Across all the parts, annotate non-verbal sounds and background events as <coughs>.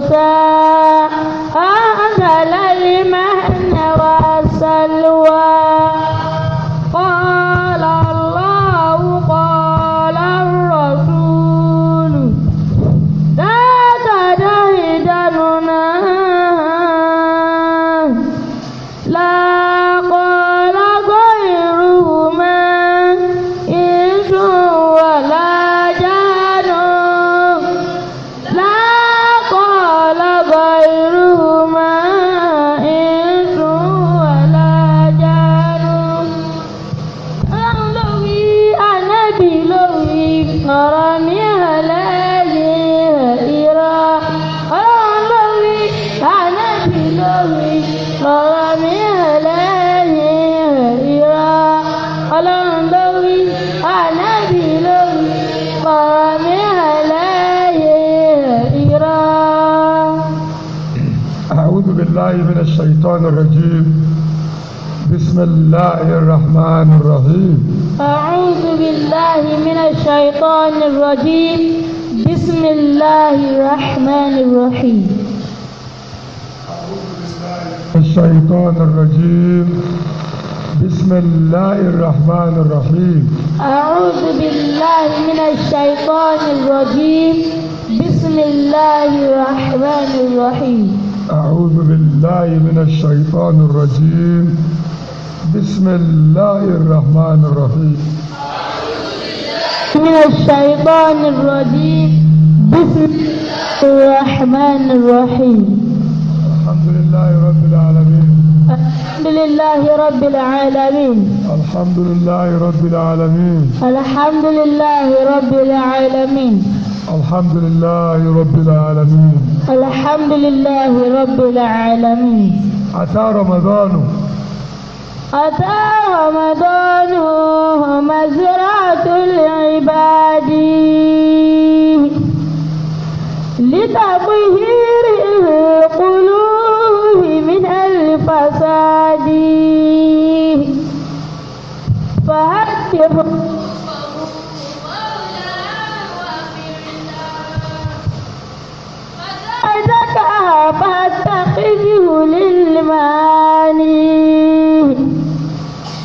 Deus. الله الرحمن الرحيم أعوذ بالله من الشيطان الرجيم بسم الله الرحمن الرحيم الشيطان الرجيم بسم الله الرحمن الرحيم أعوذ بالله من الشيطان الرجيم بسم الله الرحمن الرحيم أعوذ بالله من الشيطان الرجيم بسم الله الرحمن الرحيم من الشيطان الرجيم بسم الله الرحمن الرحيم الحمد لله رب العالمين الحمد لله رب العالمين الحمد لله رب العالمين الحمد لله رب العالمين الحمد لله رب العالمين الحمد لله رب العالمين عسى رمضان أتى رمضانه مزرعة العباد لتطهير القلوب من الفساد فهتف فاتخذه للمال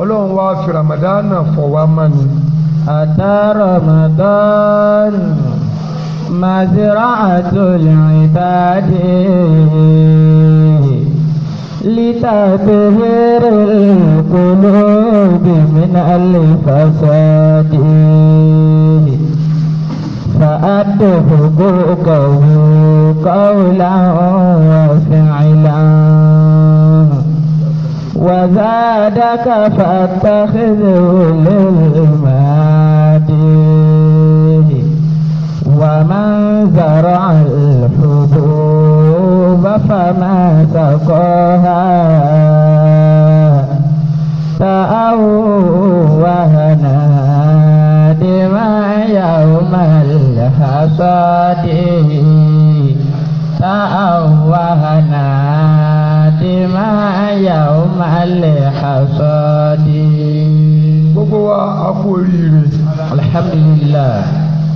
ọlọ́run wá fi ramadana fọ̀ wá mọ́ ni. àtà ramadan mazira'atul ibadi litatahhiril qulubi min al-fasadi فأده حقوقه قولا وفعلا وزادك فاتخذه للمادي ومن زرع الحبوب فما سقاها تأوهنا دما يوم الحصاد تأوهنا àtìmá yawm al-hasadi. gbogbo wa a kú oríire. alhamdulilayi.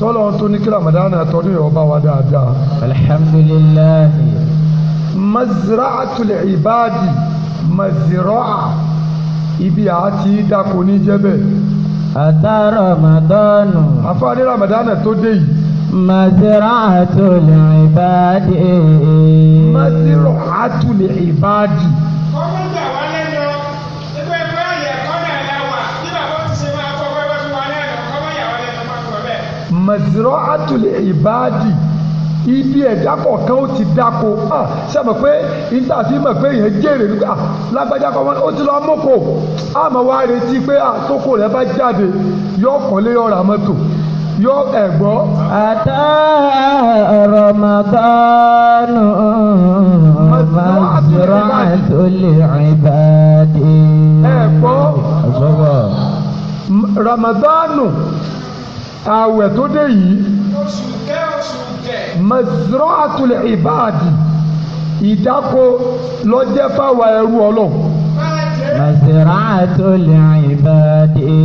tọ́lọ̀ tó ní kí ramadan àtọ́nú yóò bá wa dáadáa. alhamdulilayi. mazra'atul ibadi mazra'a ibi àti dako ní jẹ́bẹ̀. àtà ramadanu. àfọwọ́dé ramadan tó dé yìí. Masiraatul ibadi. مزرعة ibadi. مزرعة jà wá lẹ́nu ẹgbẹ́ ẹgbẹ́ ọ̀yẹ̀ kọ́nà ẹ̀dá wà bí bàbá ti ṣe máa kọ́ pé wọ́n ti wá lẹ́nu kọ́kọ́ yà wá lẹ́nu máa kọ́ bẹ́ẹ̀. Masiraatul ibadi pé ìtàfi jèrè nígbà lágbájá kan wọn ó ti lọ mọ́kò àmọ́ wá retí pé àtòkò rẹ̀ bá jáde yọ ọ̀kọ́lé ọ̀rà mọ́tò yóò ẹ̀gbọ́. àtà Ramadanu ibadi. li'ibadi. ẹ̀gbọ́ Ramadanu àwẹ̀ tó dé yìí mazra'atu li'ibadi ìdáko lọ́jẹ́ fáwọn ẹrú ọlọ́run. mazra'atu li'ibadi.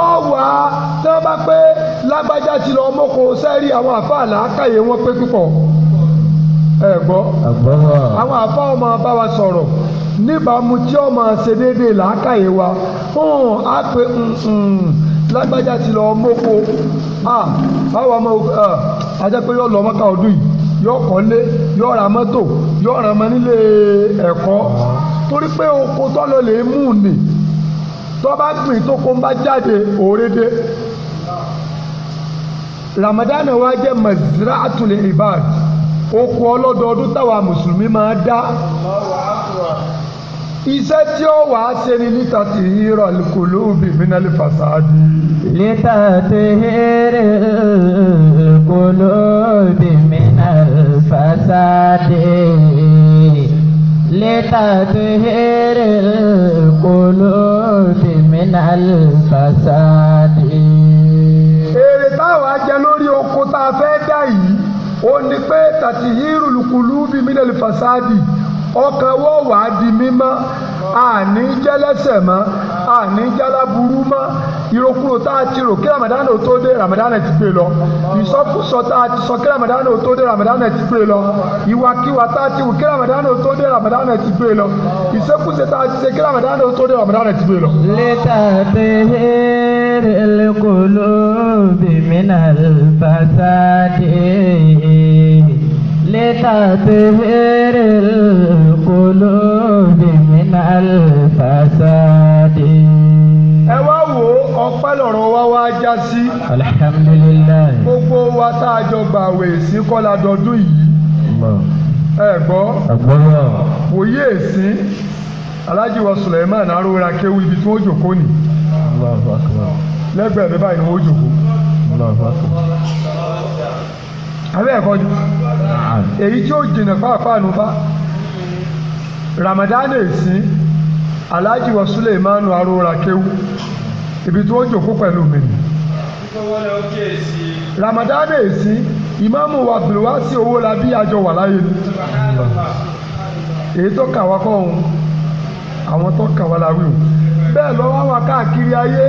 wá tí wọ́n bá pé lágbájá ti lọ mọ́kò sẹ́rí àwọn àfa àlàákàyè wọn pé púpọ̀ ẹ gbọ́ àwọn àfa ọmọ bá wa sọ̀rọ̀ níbàámu tí ọmọ ṣe déédéé làákàyè wa fún àpè lágbájá ti lọ mọ́kò báwa ọmọ ajẹ́pẹ́ yóò lọ mọ́kà ọdún yìí yóò kọ́lé yóò ra mọ́tò yóò ràn mọ́ nílé ẹ̀kọ́ torí pé oko tọ́lọ lè mú un nì dọ́bà gbìn tó kó ń bá jáde òrédé Ramadan wa jẹ́ mazra'atul ibad oko ọlọ́dọọdún táwa mùsùlùmí máa dá iṣẹ́ tí ó wà á ṣe ni níta ti hírọ̀ kulubi minal fasadi. níta ti hírọ̀ kulubi minal fasadi. níta ti hírọ̀ kulubi minal fasadi. èrè táwa jẹ lórí oko tá a fẹ́ dá yìí ó ní pé tàtí hírùlù kulubi minal fasadi ọkàn wọ́ wàá di mímọ́ àní jẹ́lẹ́sẹ̀ mọ́ àní jẹ́láburú mọ́ ìrokúrò tá a ti rò kí ramadan ò tó dé ramadan ti gbé lọ ìsọkúsọ tá a ti sọ kí ramadan ò tó dé ramadan ti gbé lọ ìwàkiwà tá a ti wù kí ramadan ò tó dé ramadan ti gbé lọ ìṣekúṣe tá a ti ṣe kí ramadan ò tó dé ramadan ti gbé lọ. lẹ́tà bẹ́ẹ̀rẹ̀ lẹ́kọ̀ọ́ bìmínà fàṣàdé lẹ́tà bẹ́ẹ̀rẹ̀ lẹ́kọ̀ọ́ bìmínà fàṣàdé. ẹ wá wò ó. ọpẹ́ lọ́rọ̀ wa wá já sí. alhamdulilayi. gbogbo wa tá a jọ sí kọ́lá dọdún yìí. ẹ gbọ́. ẹ̀gbọ́n náà. wòye èsì ibi tí wọ́n jòkó ni. lẹ́gbẹ̀ẹ́ mi báyìí wọ́n jòkó. abẹ́ ẹ̀kọ́ jù. èyí ramadan èsì wa suleiman ibi tí wọ́n jòkó pẹ̀lú mi nì. Ramadan èsì ìmáàmù wa bìlúwà sí owó la bí àjọ wà láyé ni èyí tó kà wá kọ́ òun àwọn tó kà wá la o bẹ́ẹ̀ lọ́wọ́ wa káàkiri ayé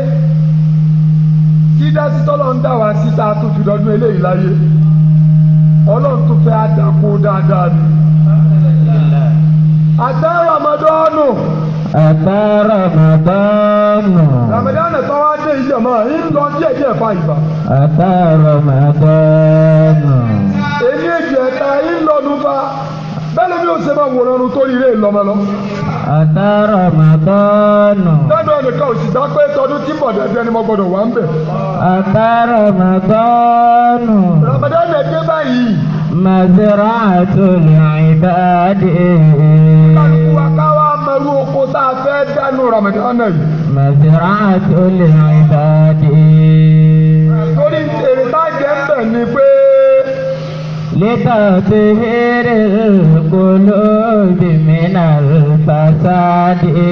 dídá sí tọ́lọ́ ń dà wá síta tó fi dọ́dún eléyìí láyé ọlọ́run tó fẹ́ àdàkú dáadáa ni. àdá Ramadanu. Ẹ̀fẹ́ Rọ̀mọ̀dọ́nù. Rọ̀mọ̀dọ́nù tó wá dé ìjọ mọ́, ń lọ díẹ̀ díẹ̀ fa ìgbà. Ẹ̀fẹ́ Rọ̀mọ̀dọ́nù. Èmi èjì ẹ̀ka ń lọ́nu fa. Bẹ́ẹ̀ni mi ò ṣe máa wòran ọdún tó ríre lọ́mọ lọ. Ẹ̀fẹ́ Rọ̀mọ̀dọ́nù. Lẹ́nu ẹnìkan ò sì dá pé tọdún tí mọ̀ dẹ́dẹ́ ni mo gbọ́dọ̀ wà ń bẹ̀. Ẹ̀fẹ́ Rọ̀mọ̀dọ́nù. Rọ̀mọ̀dọ́nù ẹ̀ fẹ́ dánú Ramadan náà yìí. màsìrà àti olè àìbàdì. torí èrè tá a jẹ́ ń bẹ̀ ni pé. lẹ́tà ti hẹ́rẹ́ kólóòbí mi náà fàṣàdé.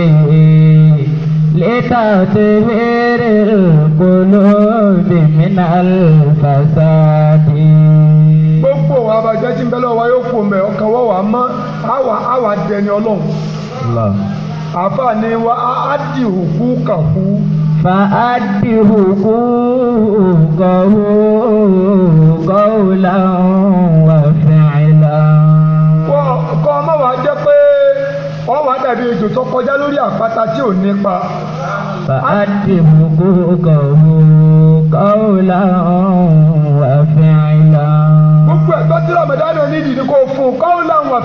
lẹ́tà ti hẹ́rẹ́ kólóòbí mi náà fàṣàdé. gbogbo àwọn abajẹ́ ń bẹ lọ́wọ́ yóò fò mẹ́ ọkàn wọ́wọ́ àmọ́ àwa àwa dẹni ọlọ́run àfa ni wa adi òkú kàkú. fa adi òkú kàkú kàkú làwọn wà fẹ́ẹ́lá. wọ́n kọ́ ọmọ wa jẹ́ pé wọ́n wà dàbí ejò tó kọjá lórí àpáta tí ò nípa. fa adi òkú kàkú kàkú làwọn wà fẹ́ẹ́lá. gbogbo ẹ̀gbọ́n tí ramadan nídìí ni kò fún un kàkú làwọn wà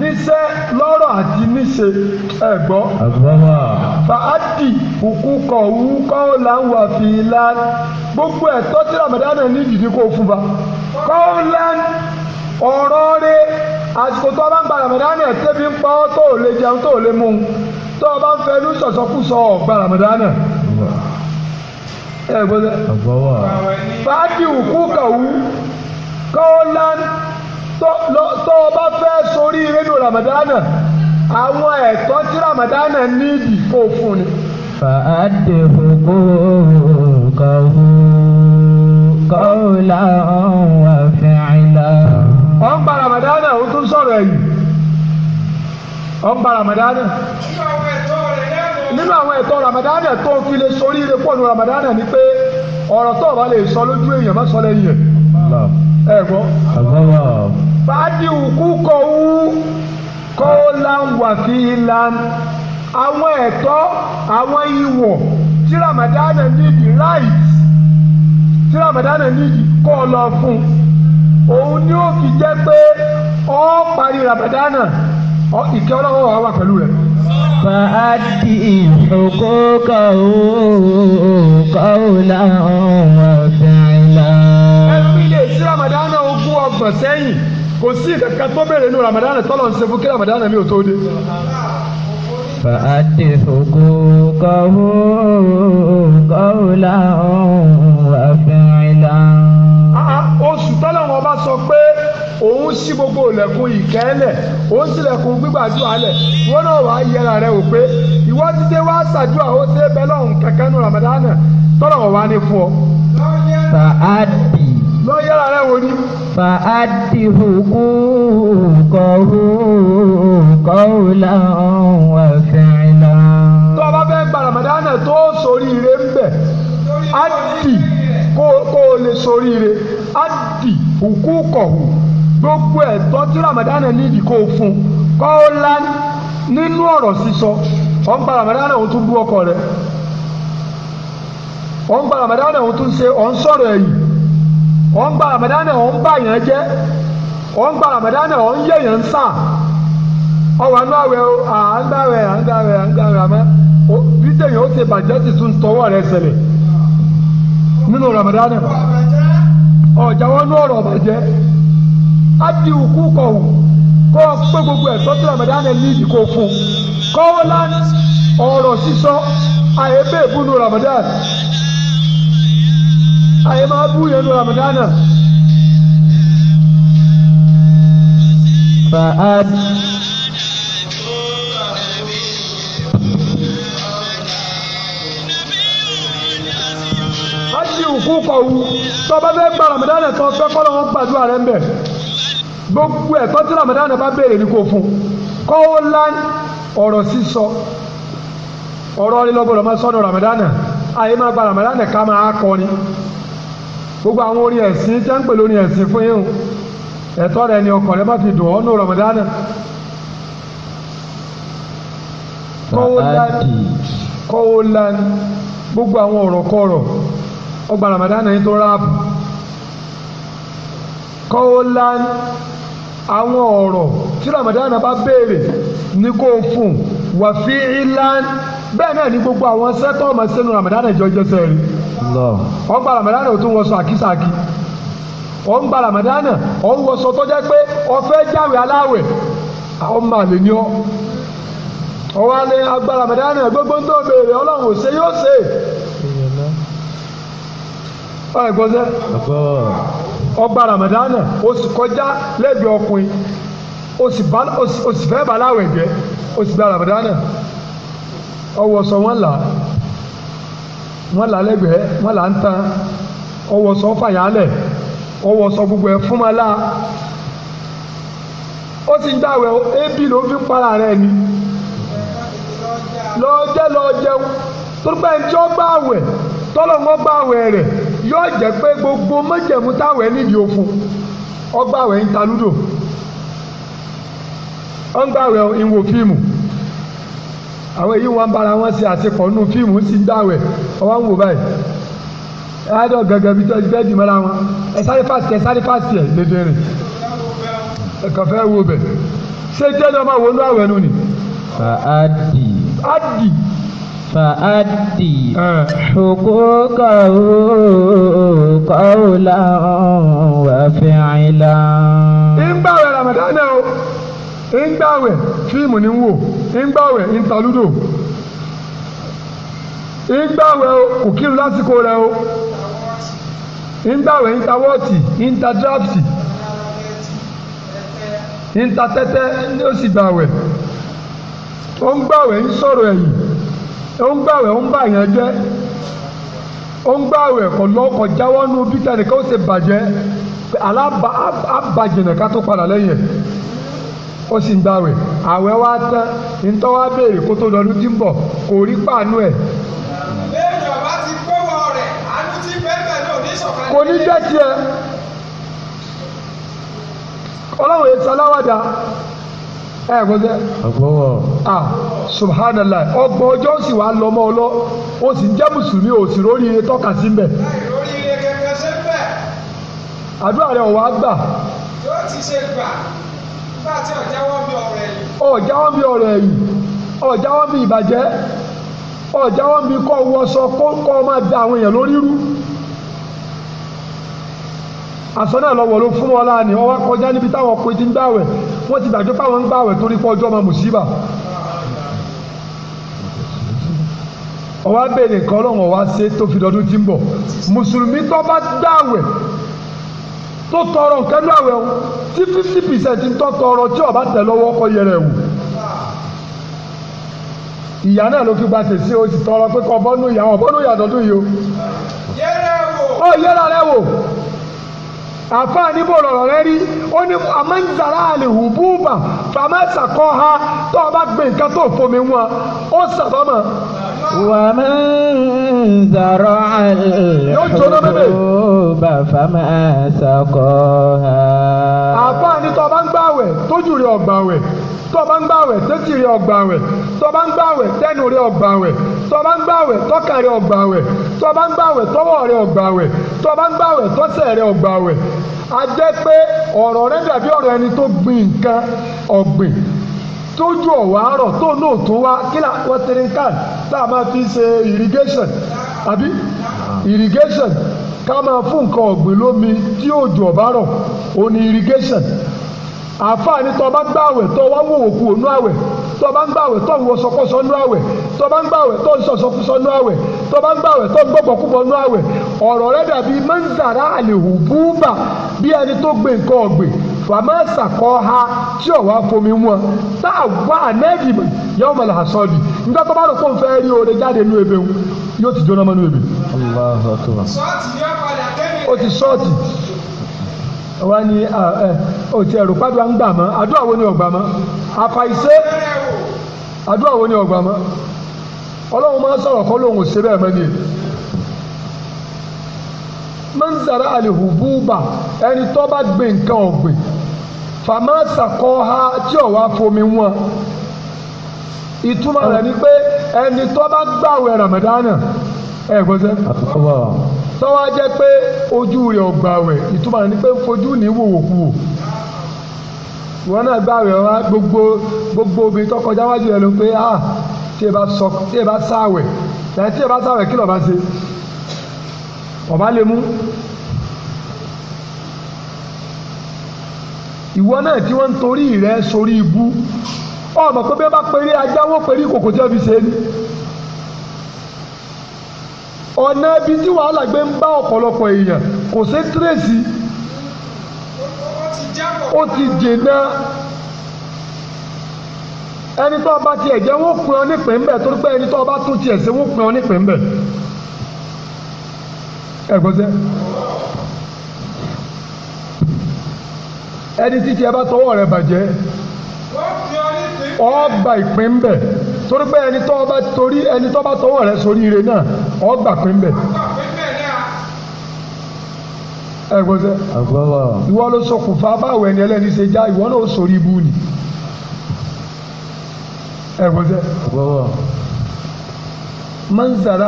níṣẹ́ lọ́rọ̀ àti níṣe ẹ̀ gbọ́. àgbọ̀nwá. fàádì òkúkọ̀ òwúkọ́ làwọn àfihàn gbogbo ẹ̀tọ́ tí ramadan ní ìdìdí kò fún ba. kọ́ńlán ọ̀rọ̀ rẹ̀ àsìkò tó bá ń gba ramadan ẹ̀ tẹ́bi ń pa ọ́ tó lè jẹun tó lè mú un tó bá ń fẹnu sọ̀sọ́kùsọ ọ̀gbà ramadan ẹ̀ gbọ́dọ̀. àgbọ̀nwá. fàádì òkúkọ̀ òwú kọ́ńlán tó o bá fẹ́ sórí rédíò ramadana àwọn ẹ̀tọ́ tí ramadana nídìí kò fún ni. fàádé fòkó kàwó kàwólà wà fìlà. wọ́n gba ramadana ó tún sọ̀rọ̀ ẹ̀yìn wọ́n gba ramadana. nínú àwọn ẹ̀tọ́ ramadana tó fi lè sórí ire pọ̀ ní ramadana ni pé ọ̀rọ̀ tó o bá lè sọ lójú èèyàn má sọ lẹ́yìn ẹ̀. ẹ̀ gbọ́ báàdì òkú kọ̀wú kọ́ọ̀láwàfíìlan àwọn ẹ̀tọ́ àwọn ìwọ̀ tí ramadana nídi right tí ramadana nídi kọ́ ọ lọ fún òun ni ó fi jẹ́ pé ọ parí ramadana ìkẹ́ ọlọ́wọ́ wa wà pẹ̀lú rẹ̀. Fàádì ìfòkókò kọ́ọ̀lá ọ̀hún ọ̀fẹ́ ìlà. Ẹnu ilé tí ramadana ogún ọgbọ̀n sẹ́yìn kò sí kankan tó bẹ̀rẹ̀ nínú Ramadan tọ́lọ̀ ń ṣe fún kí Ramadan mi ò tó dé. fàáti fòkó kọ́wó kọ́wòlá àfẹ́rẹ́lá. oṣù tọ́lọ̀ wọn bá sọ pé òun ṣí gbogbo ìlẹ̀kùn ìkẹ́lẹ̀ òun sì lẹ̀kùn gbígbàdúrà lẹ̀ wọn náà wàá yẹra rẹ wò pé ìwọ ti dé wá ṣàdúrà ó dé bẹ́lọ̀ kankan nínú Ramadan tọ́lọ̀ wọn wá ní fún ọ. fàáti lọ rẹ wò ni. fa adihu kú kọ̀ọ̀hù kọ̀ọ̀hù làwọn tó o bá fẹ́ gba Ramadan tó sórí ire ń bẹ̀ adi kó o lè sórí ire adi òkú kọ̀ọ̀hù gbogbo ẹ̀tọ́ tí Ramadan nídi kó o fún kọ́ọ́lá nínú ọ̀rọ̀ sísọ ọ̀n gba Ramadan òun tún bú ọkọ rẹ̀ ọ̀n gba Ramadan òun tún ṣe ọ̀n sọ̀rọ̀ ẹ̀yìn. wọ́n ń gba ramadan náà ọ̀ ń bá yàn jẹ́ ọ̀ ń gba ramadan náà ń ọ̀ àwẹ̀ ó bàjẹ́ ti tún tọwọ́ rẹ̀ nínú ramadan náà ọ̀jà wọn ọ̀rọ̀ bàjẹ́ á di òkú kọ́ ọ pé ẹ̀ sọ́tún àyè máa bú yẹn lọ ramadana. fàábù. ájì òkú kọ̀wú tọ́ba fẹ́ gba ramadana kan fẹ́ kọ́ lọ́wọ́ gbàdúrà rẹ̀ ń bẹ̀ gbogbo ẹ̀tọ́ tí ramadana bá béèrè ní kò fún kọ́wọ́ lán ọ̀rọ̀ sísọ ọ̀rọ̀ lílọ́gbọ̀dọ̀ máa sọ́nù ramadana àyè máa gba ramadana ká máa kọrin. gbogbo àwọn orí ẹ̀sìn jẹ́ a ń pè lórí ẹ̀sìn fún yín ẹ̀tọ́ rẹ ni ọkàn rẹ má fi dùn ọ́ ní Ramadan. kọ́wó lan gbogbo àwọn ọ̀rọ̀ kọ̀rọ̀ ọgbà Ramadan yìí tó ráàpù kọ́wó lan àwọn ọ̀rọ̀ tí Ramadan bá béèrè ní kó fún bẹ́ẹ̀ náà ni gbogbo àwọn sẹ́tọ̀ ọmọ sẹ́nu ramadan ẹ̀jọ́ jẹ́sẹ̀ rí ó gba ramadan ò tún wọṣọ àkísàkí ó ń gba ramadan ó ń wọṣọ tó jẹ́ pé ó jáwé aláwẹ̀ ọmọ ni ọ́ ọwọ́ alẹ́ ramadan gbogbo ń tó béèrè ọlọ́run ò ṣe yóò ṣe ẹ̀gbọ́n sẹ́ ó sì kọjá ọkùnrin ó sì fẹ́ Ọwọsọ wọn là wọn là lẹ́gbẹ̀ẹ́ wọn là ń tan ọwọ́sọ fàyàlẹ̀ ọwọ́sọ gbogbo ẹ fún mọ́lá ó sì ń ebi ló fi para rẹ ni lọ jẹ́ lọ jẹun ó gbà pé gbogbo mọ́jẹ̀mú nídìí òfun ọgbà ń ń wo àwọn èyí wọn bára wọn ṣe àṣepọ̀ nínú fíìmù sí ń dáwẹ̀ ọwọ́ ń wò báyìí ẹ gẹ́gẹ́ bí tọ́jú bẹ́ẹ̀ dì mọ́ra wọn ẹ sáré fásitì ẹ sáré fásitì ẹ dédé rìn ẹ kàn fẹ́ wo bẹ̀ ṣé jẹ́ni ọmọ wo àwẹ̀ nù ni. fàádì. fàádì. fàádì. huquqahu qawlan wa fi'lan. ń gbàwẹ̀ Ramadan náà ń gbàwẹ̀ fíìmù ni ń wò. ngba ńtalúdò ńgbàwẹ̀ kò lásìkò rẹ̀ o ńgbàwẹ̀ ńta wọ́ọ̀tì ńta dráfìtì ńta gbàwẹ̀ ó ń gbàwẹ̀ ń sọ̀rọ̀ ẹ̀yìn ó ń gbàwẹ̀ ó ń bà jẹ́ ó ń gbàwẹ̀ kọ̀ lọ́kọ̀ jáwọ́ ó sì ń gba àwẹ̀ àwẹ̀ wa tán ntọ́ wa béèrè kó tó lọ́dún tí ń bọ̀ kò rí pàánù ẹ̀. ti gbówó rẹ̀ àánú tí bẹ́ẹ̀ náà ní ìṣọ̀kan. kò ní jẹ́ tiẹ̀ ọlọ́run yẹn saláwàdà ẹ ẹ gbọ́dọ̀. ọgbọ́wọ́. a subhanallah ọgbọ̀n ọjọ́ sì wà lọ mọ ọ lọ ó sì ń jẹ́ mùsùlùmí ò sì rórí tọ́ka sí mbẹ̀. àdúrà rẹ̀ ò wá gbà. yóò ti ṣe gbà. nígbà tí ó jẹ́wọ́ bí ọ̀rọ̀ ẹ̀yìn. ó jáwọ́ bí ọ̀rọ̀ ẹ̀yìn ó jáwọ́ bí ìbàjẹ́ ó jáwọ́ bí kọ́ wọṣọ kó kọ́ máa da àwọn èèyàn lórí rú. àṣọ náà lọ wọ̀ ló fún wọn láàánì wọn wá kọjá níbi táwọn ọkùnrin ti ń gbàwẹ̀ wọ́n ti gbàgbé fáwọn ń gbàwẹ̀ torí pé ọjọ́ máa mùsíbà. ọwọ́ abẹ́rẹ́ nǹkan ọlọ́run ọ̀wá ṣe tó fi dọdún tí ń bọ̀ mùsùlùmí tó bá gbàwẹ̀ tó tọrọ nǹkan ní àwẹ̀ o tí fifty percent ń tọ́ tọrọ tí ọba tẹ̀ lọ́wọ́ kọ́ yẹrẹ wò ìyá náà ló fi gba sèse o sì tọrọ pé kọ́ bọ́nú ìyá wọn bọ́nú ìyá tọ́tún yìí o. yẹrẹ yẹra rẹ wò àfa níbo lọ̀rọ̀ rẹ rí ó ní amáǹdàrá àlèhùn búùbà fàmà sàkọ́ ha tó o bá gbé nǹkan tó fomi wọn ó sàbámà. wàmáǹdàrá àlèhùn búùbà fàmà sàkọ́ ha. àfa ní tó o bá ń gbàwẹ̀ tójú rẹ ọ̀gbàwẹ̀ tó o bá ń gbàwẹ̀ sétí rẹ ọ̀gbàwẹ̀ tó o bá ń gbàwẹ̀ tẹ́nu rẹ ọ̀gbàwẹ̀ tó o bá ń gbàwẹ̀ tọ́kàn rẹ ọ̀gbàwẹ̀ tó o bá ń gbàwẹ̀ tọwọ́ rẹ ọ̀gbàwẹ̀ tó o bá ń gbàwẹ̀ tọ́sẹ̀ rẹ ò gbàwẹ̀ a jẹ́ pé ọ̀rọ̀ rẹ dàbí ọ̀rọ̀ ẹni tó gbin nǹkan ọ̀gbìn tójú ọ̀wọ́ àárọ̀ tó náà tó wá kílà watering can tá a máa fi ṣe irrigation àbí irrigation ká máa fún nǹkan ọ̀gbìn lómi tí òjò ọ̀bá rọ̀ ó ní irrigation àfààní tó o bá gbàwẹ̀ tó o wá wò òkú ònú àwẹ̀ tó o bá ń gbàwẹ̀ tó ń wọṣọkọṣọ nú àwẹ̀ tó o bá ń gbàwẹ̀ tó ń ṣọṣọkọṣọ nú àwẹ̀ tó o bá ń gbàwẹ̀ tó ń gbọ́gbọ̀kúgbọ̀ nú àwẹ̀ ọ̀rọ̀ rẹ̀ dàbí mọ́ńsàrá àlèhù búùbà bí ẹni tó gbé nǹkan ọ̀gbìn fàmásà kọ́ ha tí ò fomi wọn tá a wá anẹ́dìmọ̀ mọ̀lá àsọ́ọ̀dì nígbà tó bá lọ pé òun fẹ́ rí oore jáde nínú ebe yóò ti jóná mọ́ nínú ti ní ẹ̀rù ń gbà mọ́ wo ni ọ̀gbà mọ́ mọ́ńdàrá àlèhùbúùbà ẹni tó bá gbé nǹkan ọ̀gbìn fàmáàsà kọ́ ha tí ò wá fomi wọn ìtumọ̀ rẹ̀ ni pé ẹni tó bá gbàwẹ̀ ramadana ẹ gbọ́ sẹ́ tó wá jẹ́ pé ojú rẹ̀ ò gbàwẹ̀ ìtumọ̀ rẹ̀ ni pé fojú ní wòwòkuwò wọn náà gbàwẹ̀ wá gbogbo gbogbo obìnrin tó kọjá wájú rẹ̀ ló pé ah tí ẹ bá sáwẹ̀ tí ẹ bá sáwẹ̀ kí ló bá ṣe ọba lè mú ìwọ náà tí wọ́n ń torí rẹ sórí ibú ọmọ pé bí wọ́n bá péré ajáwó péré kòkò tí wọ́n fi ṣe é ní ọ̀nà ibi tí wàhálà gbé ń bá ọ̀pọ̀lọpọ̀ èèyàn kò ṣe tírèsì ó ti jìnnà ẹni tó bá tiẹ̀ jẹ́ wọ́n pin ọ nípìn bẹ́ẹ̀ torí pé ẹni tó bá tún tiẹ̀ ṣe wọ́n pin ọ nípìn ẹ̀gbọ́n sẹ́. ẹni títí ẹ bá tọwọ́ rẹ bàjẹ́ ọba ìpín ń bẹ̀ torí pé ẹni tó bá torí ẹni tó bá tọwọ́ rẹ sórí ire náà ọba pín ń bẹ̀. ẹ̀gbọ́n sẹ́. ìwọ ló ṣokùnfà báwo ẹni ẹlẹ́ni ṣe já ìwọ náà ó sórí ibú ni ẹ̀gbọ́n sẹ́. man zara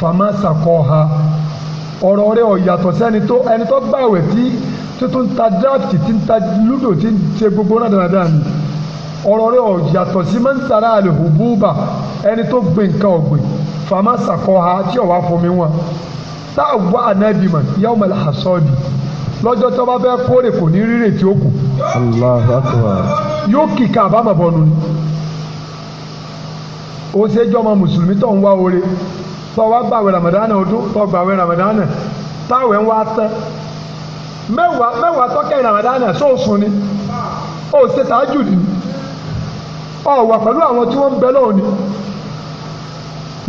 fama sakọha ọ̀rọ̀ rẹ̀ ọ̀yàtọ̀ sí ẹni tó ẹni tó gbàwẹ̀ tí tuntun ta draft ti ta ludo ti ṣe gbogbo náà dáadáa ni ọ̀rọ̀ rẹ̀ ọ̀yàtọ̀ sí máa ń sara àlè hùbúbà ẹni tó gbìn fama sakọha tí ọ̀wá fomi wọn tá a wá anabi mọ̀ yàwó mọ̀ lásọ̀ọ̀dì lọ́jọ́ tó bá fẹ́ kórè kò ní rírè tí ó kù. yóò kíkà àbámọ̀bọ̀nù ni ó ṣe jọ́mọ mùsùlùmí tó ń wá oore tọ́ wá gbàwé ramadana ọdún tọ́ gbàwé ramadana táwẹ̀ ń wá tẹ́ mẹ́wàá mẹ́wàá tọ́kẹ́ ramadana sóòsùn ni ó ṣe tààjù ni ó wà pẹ̀lú àwọn tí wọ́n ń bẹ lọ́wọ́ ni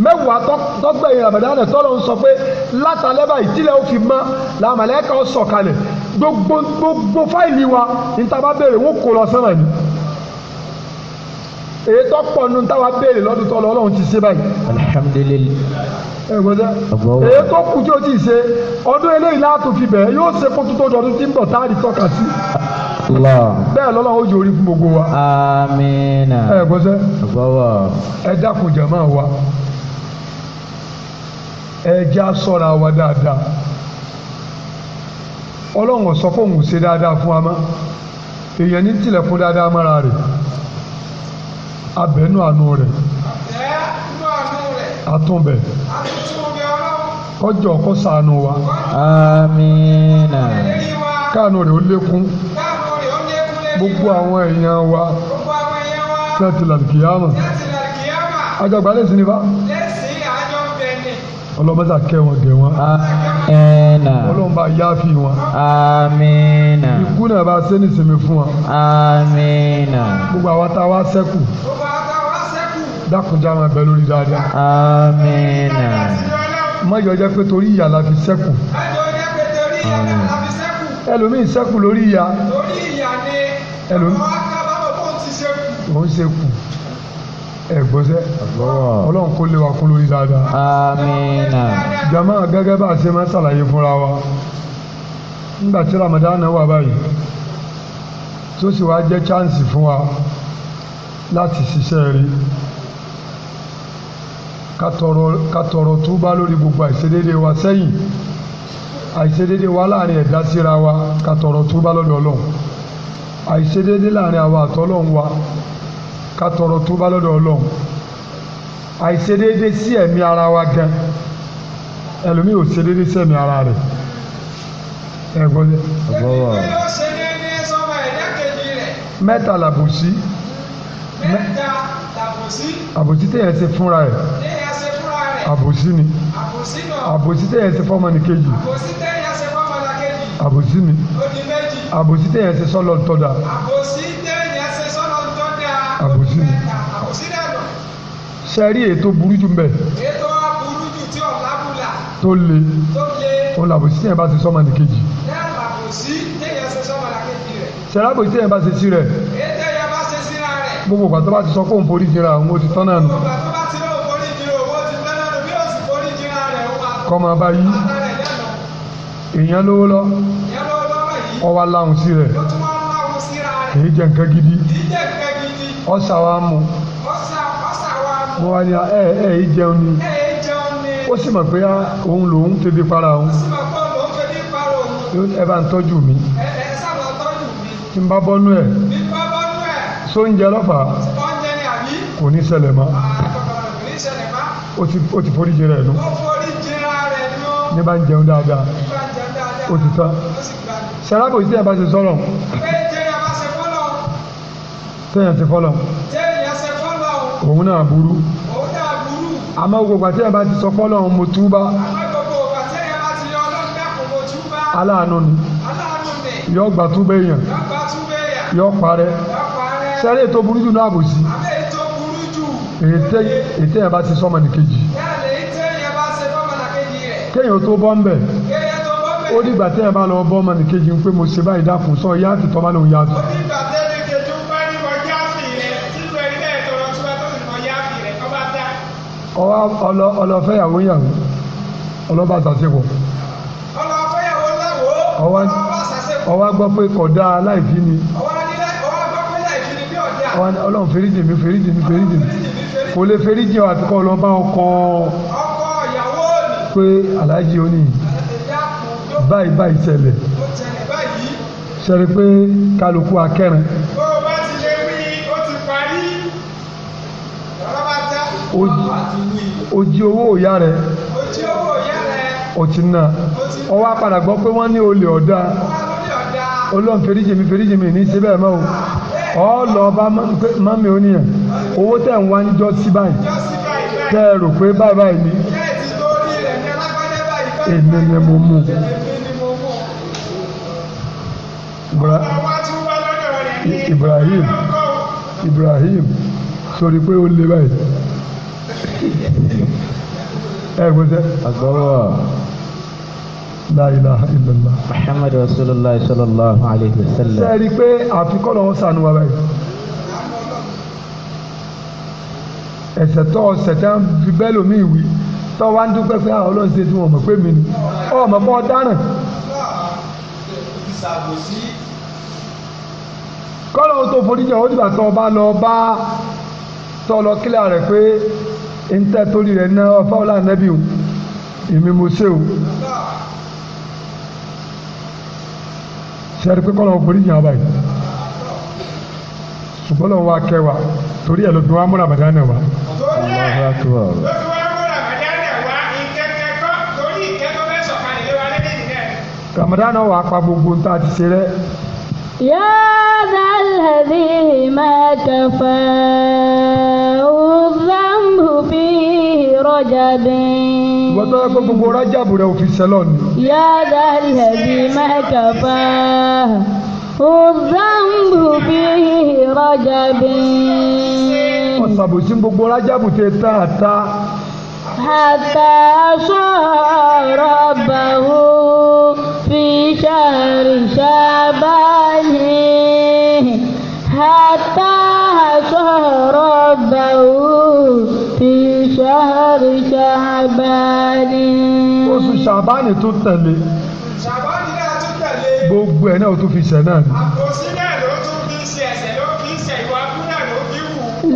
mẹ́wàá tọ́gbẹ̀yìn Ramadan tọ́lọ́ ń sọ pé látàlẹ́ báyìí tílẹ̀ ó fi mọ́ làmàlẹ́kà ó sọ̀kalẹ̀ gbogbo gbogbo fáìlì wa ní tá a bá béèrè wọ́n kó lọ sẹ́wọ̀n ni èyí tó pọ̀ nù táwa béèrè lọ́dún tó lọ ọlọ́run ti ṣe báyìí. alhamdulilayi. ẹ gbọ́dọ̀ èyí tó kù tí o ti ṣe ọdún eléyìí látò fi bẹ̀rẹ̀ yóò ṣe fún tuntun ọdún tí ń bọ̀ táàrí tọ́ka sí. bẹ́ẹ̀ lọ́lọ́run ó jẹ́ fún gbogbo wa. amiina. ẹ gbọ́dọ̀ ẹ dákun jàmá wa ẹ já sọ́ra wa dáadáa ọlọ́run sọ fóun ṣe dáadáa fún wa mọ́ èèyàn ní tilẹ̀ fún dáadáa mọ́ra rẹ̀ abẹ́nú àánú rẹ̀ àtúnbẹ̀ kọjọ kó ṣàánú wa. Amina. káànù rẹ̀ ó lékún gbogbo àwọn èèyàn wa sẹ́ẹ̀tì làlùkìyàmà àjọgbá lè sí ni bá ọlọmọdé akẹ wọn gẹ wọn. amiina. ọlọ́run bá wọn. amiina. ikú náà bá sẹ́ni sinmi fún wa. amiina. gbogbo àwa tá a wá sẹ́kù dákunjá máa bẹ lórí dáadáa. àmín. má yọ jẹ́ pé torí ìyà la fi ṣẹ́kù. ẹlòmíì ṣẹ́kù lórí ìyà. lórí ìyà ni ẹlòmíì òun ṣẹ́kù ẹgbọnsẹ Ọlọ́run kò lè wa kún lórí dáadáa. amiina. jama gẹ́gẹ́ bá a ṣe máa ṣàlàyé fúnra wa nígbà tí Ramadan wà báyìí tó sì wá jẹ́ chance fún wa láti ṣiṣẹ́ rí ká tọrọ túbá lórí gbogbo àìṣedéédé wa sẹ́yìn àìṣedéédé wa láàrin ẹ̀dá síra wa ká tọrọ túbá lọ́dọ̀ ọlọ́run àìṣedéédé láàrin àwa àtọ́lọ́run wa ká tọrọ túbá lọ́dọ̀ ọlọ́run àìṣedéédé sí ẹ̀mí ara wa gan ẹlòmíì ò ṣedéédé sí ẹ̀mí ara rẹ̀ ẹ gbọ́ dẹ́. mẹ́ta làbòsí. mẹ́ta làbòsí. àbòsí téèyàn ṣe fúnra rẹ̀ àbòsí ni àbòsí tẹ̀yẹ ṣe fọ́mọ ní kejì àbòsí ni àbòsí tẹ̀yẹ ṣe sọ́lọ̀ tọ́da àbòsí ni sẹ́rí ètò burú jù mbẹ́ tó le ó làbòsí tẹ̀yẹ bá ṣe sọ́mọ ní kejì sẹ́rí àbòsí tẹ̀yẹ bá ṣe sí rẹ̀ gbogbo ìgbà tó bá ti sọ fóun forí jìra òun ó ti tán náà nù. kọ́ máa bá yí èèyàn lówó lọ ọwọ́ aláhùn sí rẹ̀ èyí jẹ́ nǹkan gidi ọ̀sà wa mú mo wá ní ẹ ẹ yìí jẹun ni ó sì mọ̀ pé ah, òun lòun febi para òun ẹ bá ń tọ́jú mi tí n bá bọ́nú ẹ̀ sóúnjẹ lọ́fàá kò ní ṣẹlẹ̀ mọ́ ó ti foríjì rẹ̀ nù. No? ní bá ń jẹun dáadáa ó ti tán sẹ́rábò tí ẹ bá ṣe sọ́rọ̀ tẹ́yàn ti fọ́lọ̀ òun náà burú àmọ́ gbogbo àti ẹ bá ti sọ fọ́lọ̀ mo túbá aláàánú ni yọ gbà túbẹ̀ èèyàn yọ parẹ́ sẹ́rẹ́ ètò burú jù náà bò sí ètè ẹ̀ ti sọ́mọ nìkejì kéèyàn tó bọ́ ńbẹ̀ ó dìgbà téèyàn bá lọ bọ́ ọmọ nìkejì ń pé mo ṣe báyìí dákun sọ ìyá àti tọ́ba lòun yá tu. ọwọ́ ọlọ́fẹ́yàwó yàwó ọlọ́ba àtàṣepọ̀. ọlọ́fẹ́yàwó láwo ọwọ́ gbọ́ pé kódà aláìfi ni. ọwọ́ gbọ́ pé láìfi ni bí ọ̀dà. ọlọ́run fèrèjì mi fèrèjì mi fèrèjì mi kò lè fèrèjì àtikọ́ ọlọ́ba ọkọ̀ ọ́ pé aláàjì ó ní báyìí báyìí tẹ̀lẹ̀ sẹ́ni pé kálukú akẹ́rin. bó o bá ti lè rí i ó ti parí ọ̀rọ̀ bá dá ọ̀rọ̀ àti wí. ojú owó òyà rẹ̀. ojú owó òyà rẹ̀. o ti nà ọwọ́ apàdà gbọ́ pé wọ́n ní olè ọ̀dà olóòn fèrèjèmí fèrèjèmí ní síbẹ̀ mọ́ o ọ lọ bá mọ́mí oníyàn owó tẹ̀ ń wá níjọ́ sí báyìí tẹ́ ẹ rò pé báyìí báyìí ni èmi ni mo mú. Ibrahim Ibrahim sori pé ó lé báyìí ẹ gbọ́n sẹ́. àgbọ̀wọ̀. la ilaha illallah. muhammadu rasulillah sallallahu alayhi wa sallam. sẹ́ẹ̀rí pé àfikọ́ lọ́wọ́ sànù wa báyìí. ẹ̀sẹ̀ tọ́ ọ̀sẹ̀ tí a fi bẹ́ẹ̀ tọ́ wá ń dúpẹ́ pé àwọn ọlọ́run ṣe tí wọ́n mọ̀ pé mi ni ọ̀ mọ̀ pọ́ dáràn. kọ́lọ̀ tó forí jẹ́ òdìgbà tó bá lọ bá tọ́ lọ kílẹ̀ rẹ̀ pé ń tẹ́ torí rẹ̀ ná ọ̀fọ́ ọ̀la nẹ́bí o èmi mo ṣe o. sẹ́ni pé kọ́lọ̀ forí jẹ́ àbáyé ṣùgbọ́n lọ́wọ́ wa kẹwàá torí ẹ̀ ló fi wá múra bàdánù wa. ramadan náà wàá pa gbogbo nta ti ṣe rẹ. yá dàlẹ́dì máa kẹfà ọ̀dàmù bí rọjà bẹ́ẹ̀. ìwọ́n tó yẹ kó gbogbo rájà bùrẹ̀ òfin sẹ́lọ̀ ni. yá dàlẹ́dì máa kẹfà ọ̀dàmù bí rọjà bẹ́ẹ̀. ọ̀sàbòsí gbogbo rájà bùtẹ̀ tá a ta. حتى صار ربه شبهه حتى حصر ربه في شهر شعبان oṣù ṣàbánì tó tẹ̀lé ṣàbánì náà tó tẹ̀lé gbogbo ẹ̀ náà tó fi ṣẹ̀ náà ni. àkòsí náà ló tún fi ṣe náà ló fi wù.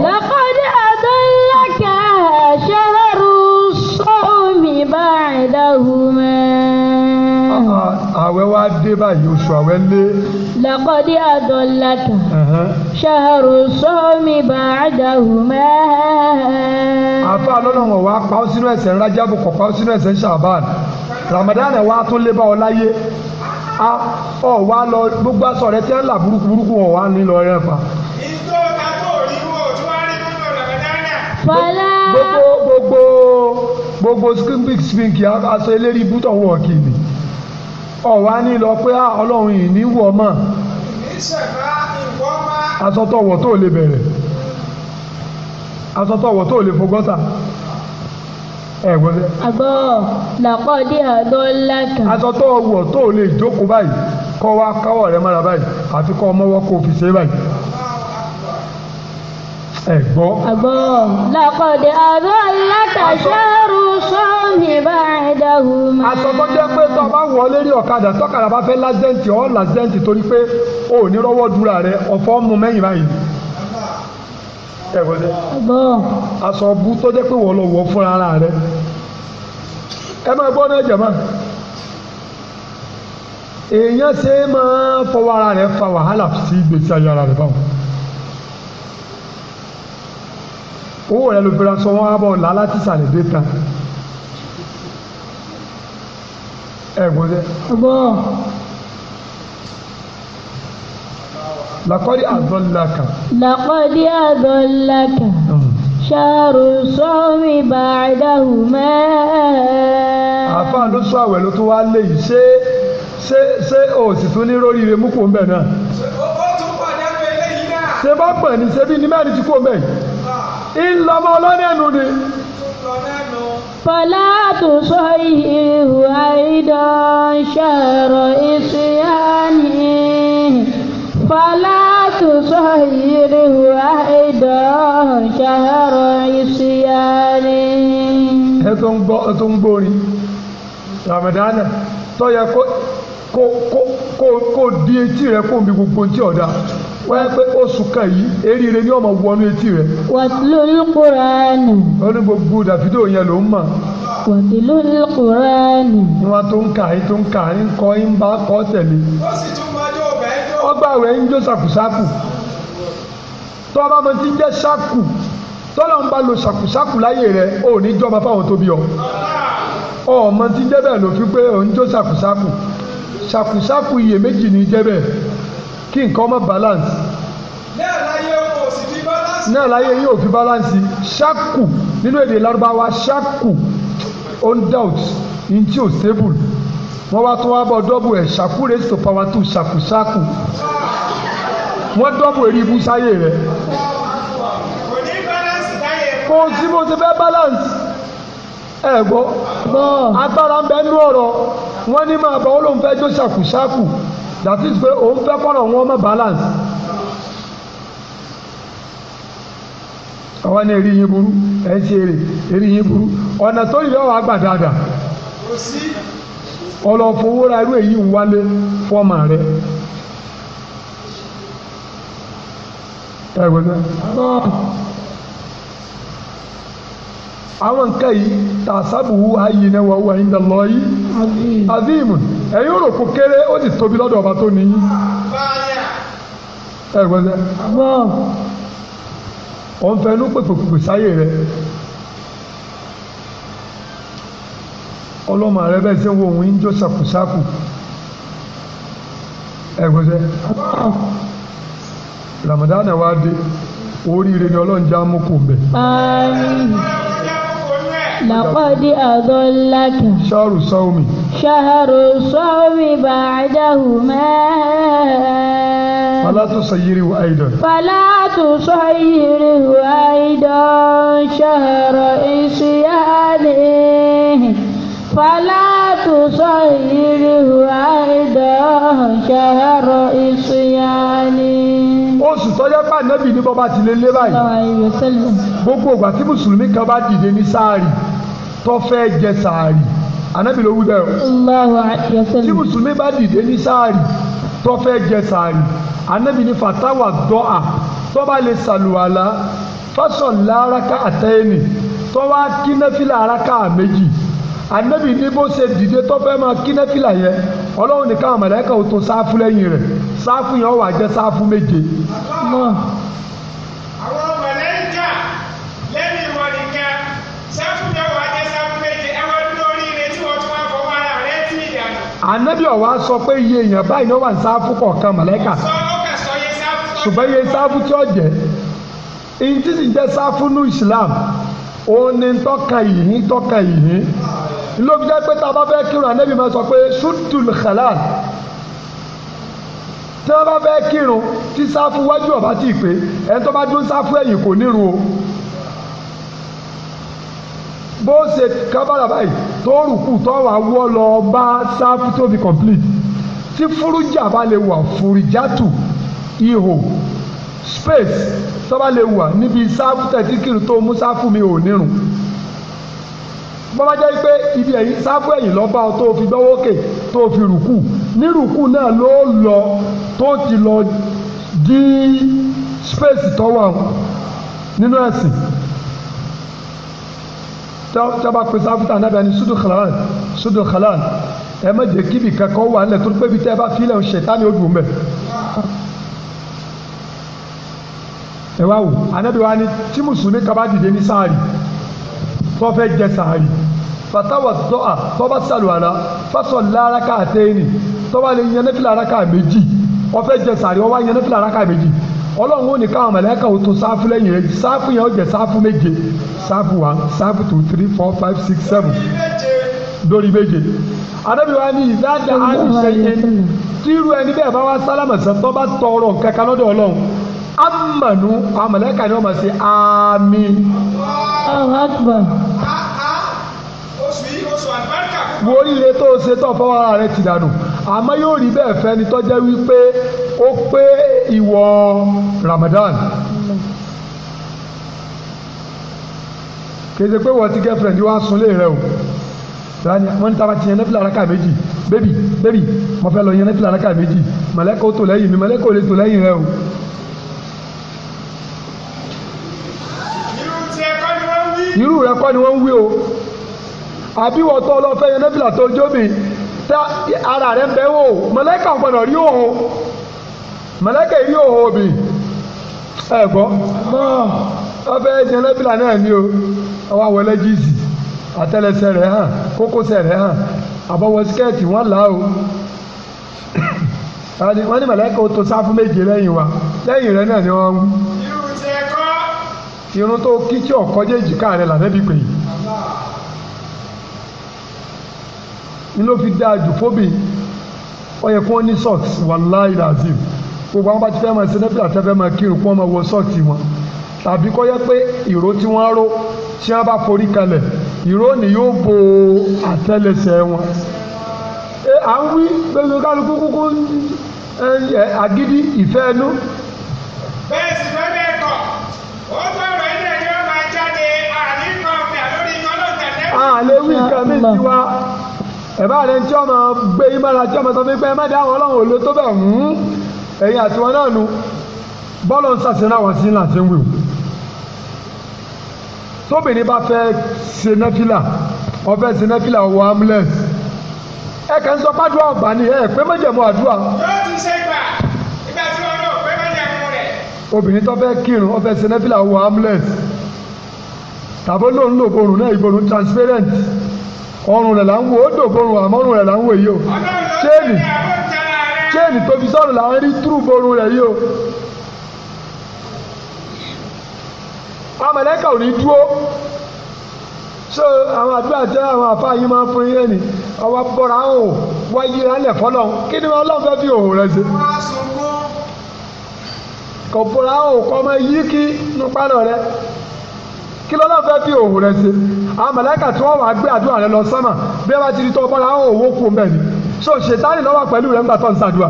لقد أضلك شهر الصوم بعدهما àwẹ̀ wá dé báyìí oṣù àwẹ̀ lé. làkọ́dí àdọ́làtà. ṣàrò sọ́mi bàdà hùmẹ́. àfa lọ́lọ́wọ̀n wa pa ọ́ sínú ẹ̀sẹ̀ rájábù kọ̀ pa ọ́ sínú ẹ̀sẹ̀ ṣàbàn Ramadan wa tún lé bá ọ láyé a ọ wa lọ gbogbo aṣọ rẹ tí wọn là burúkú burúkú wọn wà nílò ọrẹ fa. ìtò kakó òrìwò tí fọlá. gbogbo gbogbo gbogbo skink skink aṣọ eléríbú tó wọ̀ kì ọ̀wá ní lọ pé ah, ọlọ́run yìí ní wọ̀ mọ́ asọ́tọ̀wọ̀ tó lè bẹ̀rẹ̀ asọ́tọ̀wọ̀ tó lè fogọ́ta ẹ̀gbọ́n sẹ́. àgbọ̀ làpọ̀dé àdó ńlá asọ́tọ̀wọ̀ tó lè jókòó báyìí kọ́ wa káwọ̀ rẹ mọ́ra báyìí àti kọ́ mọ́wọ́ kó fi ṣe báyìí ẹ̀gbọ́. àgbọ̀ làpọ̀dé àdó ńlá ṣẹ́rù sọ́ọ̀mì báyìí ìdáhùn. àtọ̀tọ̀ jẹ́ pé tó a bá wọ̀ ọ́ lérí ọ̀kadà tọ́kadà bá fẹ́ lásẹ̀ǹtì ọ́ lásẹ̀ǹtì torí pé o ò ní rọ́wọ́ dúra rẹ ọ̀fọ́ mu mẹ́yìn báyìí. aṣọ bu tó jẹ́ pé wọ́n lọ wọ̀ fúnra ara rẹ. ẹ máa gbọ́ náà jẹ̀mọ́. èèyàn ṣe é máa fọwọ́ ara rẹ̀ fa wàhálà sí ìgbésí ayé ara rẹ̀ báwọn. owó rẹ̀ ló fẹ́ra sọ wọ́n á bọ̀ lálá tìsàlẹ̀ dé tán. ẹ gbọ́ dẹ. ọgbọ́. lakọ́dí àdọ́láka. lakọ́dí àdọ́láka. ṣàrù hmm. sọ́mi bàdáhù mẹ́. àfa ló sọ àwẹ̀ ló tún wá lé yìí ṣé ṣé ṣé o sì tún ní rórí rẹ mú kó ń bẹ̀ náà. ó tún pọ̀ nínú eléyìí náà. ṣé bá pọ̀ ní ṣebí ní mẹ́rin tí kò mẹ́rin. ń ah. lọ́mọ ọlọ́ni ẹ̀nu ni. ń lọ náà. فلا تصيه أيضا شهر إصيانه فلا تصيه أيضا شهر إصيانه. ẹ tó ń gbọ́ ẹ tó ń gbórin ramadana tó yẹ kó kó kó kó di etí rẹ kó mi wọ́n yẹ pé oṣù kan yìí eriri ni ọmọ wọnú etí rẹ̀. wàtílórí kúránì. ó ní gbogbo yẹn ló ń mọ̀. kúránì. wọ́n tó ń kà ní tó ń kà í bá tẹ̀lé. ó sì tún jó. ọgbà rẹ̀ ń bá mọ ti jẹ́ ọ. ti jẹ́ bẹ́ẹ̀ fi pé jó ṣàkùṣàkù ṣàkùṣàkù jẹ́ kí nǹkan ọmọ balance. náà láyé ọmọ òsì ní balance. náà láyé yín ò fi balance ṣáàkù nínú èdè lárúbáwá ṣáàkù on doubt in tí ò stable wọ́n wá tún wá bọ̀ dọ́bù ẹ̀ ṣàkú raise to power two ṣàkú ṣàkú wọ́n dọ́bù èrè ibú sáyé rẹ̀. kò sí mo ti fẹ́ balance ẹ gbọ́ agbára ń bẹ nú ọ̀rọ̀ wọ́n ní máa bọ̀ ó lóun fẹ́ jó ṣàkú ṣàkú that is pé òun fẹ́ kọ́rọ̀ wọn ọmọ balance àwọn ní eri yín burú ẹ ń ṣe eri yín burú ọ̀nà tó yẹ wàá gbà dáadáa irú èyí ń wálé fọ́ọ̀mà rẹ. àwọn nǹkan yìí tàṣàbùwù ayé náà wà wà ìdá lọ yìí azeem ẹ̀yin ò rò kó kéré ó sì tóbi lọ́dọ̀ ọba tó níyìn. ẹ gbọ́n sẹ́ ọ̀ ń fẹnu pèpèpèpè sáyé rẹ ọlọ́mọ rẹ bẹ́ẹ̀ sẹ́ wo òun ń jó sàkùsàkù ẹ gbọ́n sẹ́ Ramadan wa dé oríire ni ọlọ́run já mú kò mbẹ́. لقد أضلك شهر الصوم شهر الصوم بعدهما فلا تصيره أيضا فلا تصيره أيضا شهر إسيانه فلا تصيره أيضا شهر إسيانه oṣù tọ́jọ́ pàdánù bíi ní bọ́ ti lé lé báyìí gbogbo ìgbà tí mùsùlùmí kan bá dìde ní sáàrì tó fẹ́ jẹ sàárì anabi ló wú dẹ o. tí mùsùlùmí bá dìde ní sàárì tó fẹ́ jẹ sàárì anabi ní fatawa dọ́à tó bá lè sàlùwàlà fásọ̀ láraka àtẹ́yìnì tó wá kí náfìlà araka méjì anabi ní bó ṣe dìde tó fẹ́ máa kí náfìlà yẹn ọlọ́run nìkan àmàlẹ́kà ò tó sáfù lẹ́yìn rẹ̀ sáfù yẹn ó wá jẹ́ sáfù méje. ànábì ọ̀wá sọ pé iye èèyàn báyìí ló wà ní sáfù kọ̀ọ̀kan mọ̀lẹ́kà ṣùgbọ́n iye sáfù tí ó jẹ́ èyí tí sì ń jẹ́ sáfù ní Islam òun ni tọ́ka ìyìn tọ́ka ìyìn ló fi jẹ́ pé tá a bá fẹ́ kírun ànábì máa sọ pé sùtùl khalal tí wọ́n bá fẹ́ kírun tí sáfù wájú ọ̀bá ti pé ẹni tó bá dún sáfù ẹ̀yìn kò nírun o bó ṣe kábàlà báyìí tó rùkù tó wà wọ́ lọ bá sáfù tó fi complete tí fúrújà bá lè wà fúrìjàtù ihò space tó bá lè wà níbi sáfù tẹ̀tí kìrì tó mú sáfù mi ò nírun bọ́bá jẹ́ pé ibi ẹ̀yìn sáfù ẹ̀yìn lọ́ba tó fi gbọ́wọ́ òkè tó fi rùkù ní rùkù náà ló lọ tó ti lọ dí space tó nínú ẹ̀sìn sábà pé sáfìtà anábìá ni sudu khalan sudu khalan ẹ má jẹ́ kíbi kankan wà nílẹ̀ tó pé bí tẹ́ ẹ bá filẹ̀ ń ṣẹ̀tánì ó dùn mẹ́. ẹ wá wò anábìá wa ni tí mùsùlùmí kaba dìde ní sáàrì tó fẹ́ jẹ sáàrì fatawa tọ́a tọ́ba sàlùwàlà fásọ̀ lára ká àtẹ́yìn tọ́ba lè yan nẹ́fìlà ara ká méjì ó fẹ́ jẹ sáàrì ó wá yan nẹ́fìlà ara ká méjì ọlọ́run ó ní káwọn mọ̀lẹ́kà ó tó sáfù lẹ́yìn rẹ̀ sáfù yẹn ó jẹ sáfù méje sáfù one sáfù two three four five six seven lórí méje anabi wa ni ìdáda àlùsẹyẹ tírú ẹni bẹ́ẹ̀ bá wa sálámà sàn tó bá tọrọ kankan lọ́dọ̀ Ọlọ́run amanu amalẹka ni wọn ma ṣe àmín. wo ilé tó o ṣe tó fọwọ́ rẹ ti dànù àmọ́ yóò rí bẹ́ẹ̀ fẹ́ni tó jẹ́ wípé ó pé ìwọ Ramadan. kéde pé wọ́n ti girlfriend wá sunlé rẹ o wọ́n ní taba ti yẹn nẹ́fìlà araka méjì bébì bébì mo fẹ́ lọ yẹn nẹ́fìlà araka méjì mọ̀lẹ́kọ̀ tó lẹ́yìn mi mọ̀lẹ́kọ̀ lè tó lẹ́yìn rẹ o. irú rẹ kọ́ ni wọ́n ń wí o àbí wọ́n tọ́ lọ fẹ́ yẹn nẹ́fìlà tó jóbi tá ara rẹ bẹ́ wò mọ̀lẹ́kà gbọ́dọ̀ rí òun mọ̀lẹ́kà rí òun òbí ẹ̀ gbọ́ ọ fẹ́ yẹn nẹ́fìlà náà ni o wọ́n wá wọlé jíìsì àtẹ́lẹsẹ̀ rẹ̀ hàn kókósẹ̀ rẹ̀ hàn àbọ̀wọ̀ skẹ́ẹ̀tì wọ́n là á o <coughs> wọ́n ní mọ̀lẹ́kà ó to sáfù méje lẹ́yìn wa lẹ́yìn rẹ̀ náà ni wọ́n wú. irun tó kí tí ọ̀kọ́ jẹ́jì káàrẹ̀ lànàbí pè yìí. ni ló fi dáa jù fóbì ó yẹ kí wọ́n socks wàláì làzim gbogbo àwọn bá ti fẹ́ máa ṣe nẹ́fìlà tẹ́fẹ́ máa kírun kí wọ́n máa wọ socks wọn tàbí kọ́ yẹ pé ìró tí wọ́n ró tí wọ́n bá forí kalẹ̀ ìró ni yóò bo àtẹ́lẹsẹ̀ wọn. ẹ à ń wí pẹ̀lú kálukú kúkú ẹ agídí ìfẹ́ ẹnu. bẹ́ẹ̀ sì fẹ́ bẹ́ẹ̀ kọ̀ ó sọ̀rọ̀ ilé ni ó máa jáde àníkàn ọ̀gá lórí iná lọ́gà lẹ́wọ̀n. àlẹ́ wí nǹkan mi ti wá ẹ̀bá rẹ̀ tí ọmọ gbé yín tí ọmọ sọ fún pé ẹ àwọn ọlọ́run òlò tó bẹ̀ hùn ẹ̀yìn àtiwọn náà nu bọ́ọ̀lù ń sàṣẹ́ náà wọ́n sí ńlá ṣe ń wí tóbìnrin bá fẹ́ ṣe nẹ́fìlà ó fẹ́ ṣe nẹ́fìlà wọ amulẹ̀ ẹ kàn ń sọ pàdúrà ọgbà ni ẹ pé méjèèmọ àdúrà. yóò ti ṣe gbà nígbà tí wọn náà pé méjèèmọ rẹ̀. obìnrin tó fẹ́ kírun ó fẹ́ ṣe nẹ́fìlà wọ amulẹ̀ tàbó lòun borun náà ìborun transparent ọrùn rẹ̀ là ń wo ó dò borun àmọ́ ọrùn rẹ̀ là ń wo yìí o. ọlọ́run ló ń tẹ̀lé àbójára rẹ̀. chéènì tóbi sọ̀rọ̀ là ń rí túrú borun rẹ̀ yìí o. amọ̀lẹ́kà ò ní dúró so àwọn àdúrà tẹ àwọn àfa yìí máa ń fún yín lẹ́nu ọwọ́ bọ́ra ń hò wáyé rálẹ̀ fọ́lọ́ kí ni wọ́n lọ́n fẹ́ fi òun rẹ̀ ṣe. kò bọ́ra ń hò kọ́ ọmọ yìí kí nípa náà rẹ kí lọ́lọ́ fẹ́ fi òun rẹ̀ ṣe àwọn mọ̀lẹ́kà tí wọ́n wàá gbé àdúrà rẹ lọ sánmà bí wọ́n bá ti di tọ́ bọ́ra ń hò owó kú mbẹ́ ni so ṣètánì lọ́wọ́ pẹ̀lú rẹ̀ ńgbà tó ń ṣàdúrà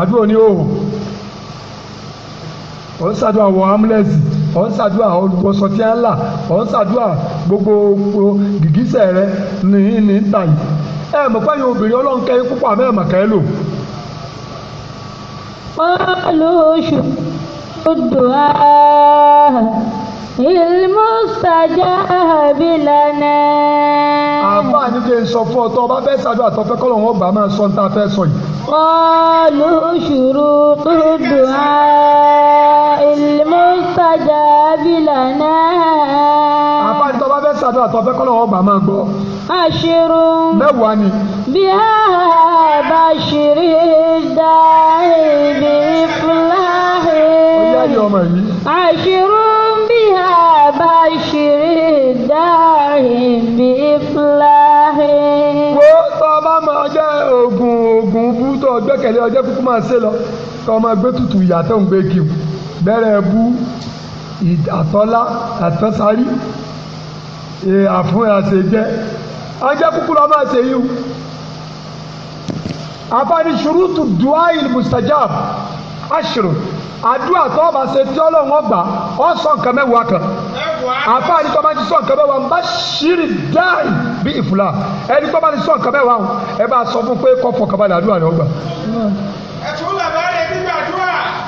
àdúrà ní òun ò ń ṣàdúrà wọ amúlẹ́sì ọ̀ ń ṣàdúrà ọ̀ tí a ń là ọ̀ ń ṣàdúrà gbogbo gìgísẹ̀ rẹ ní ní ta yìí ẹ mọ̀ pé yóò obìnrin ọlọ́run kẹ́yìn púpọ̀ àmọ́ ẹ mọ̀ kẹ́ lò. wọ́n lo oṣù odò ààrẹ ìlmùsàjà àbílànà. àbá ni kí n sọ fún ọ tó o bá fẹ́ ṣàdúrà tó fẹ́ kọ́ lòun gbà máa sọ ní ta fẹ́ sọ yìí. wọ́n odò ààrẹ fàdábìlànà. àbáyé tó bá fẹ́ sàdúrà tó fẹ́ kọ́lọ́wọ́ gbà máa gbọ́. àṣírò. mẹ́wàá ni. bí a bá ṣeré dá ibi fúláhì. ó yá yọ ọmọ yìí. àṣírò bí a bá ṣeré dá ibi fúláhì. wo tó bá máa jẹ́ oògùn oògùn bú tó gbẹ́kẹ̀lé ọjọ́ kúkú máa ṣe lọ tó máa gbé tutù ìyá tó ń gbé kí o bẹ́rẹ̀ bú àtọ́lá àtọ́sárí àfún àṣejẹ́ ajẹ́ kúkú lọ́ máa ṣe yíò afáàní ṣurutu duail mustajab ashru àdúrà tó o bá ṣe tí ọlọ́run ọgbà ọ sọ nǹkan mẹ́wàá kan àfáàní tó o bá ti sọ nǹkan mẹ́wàá bá ṣírí dáì bí ìfúlà ẹni tó o ti sọ nǹkan mẹ́wàá ẹ bá sọ fún pé kọ́ fọkànbalẹ̀ àdúrà rẹ̀ ọgbà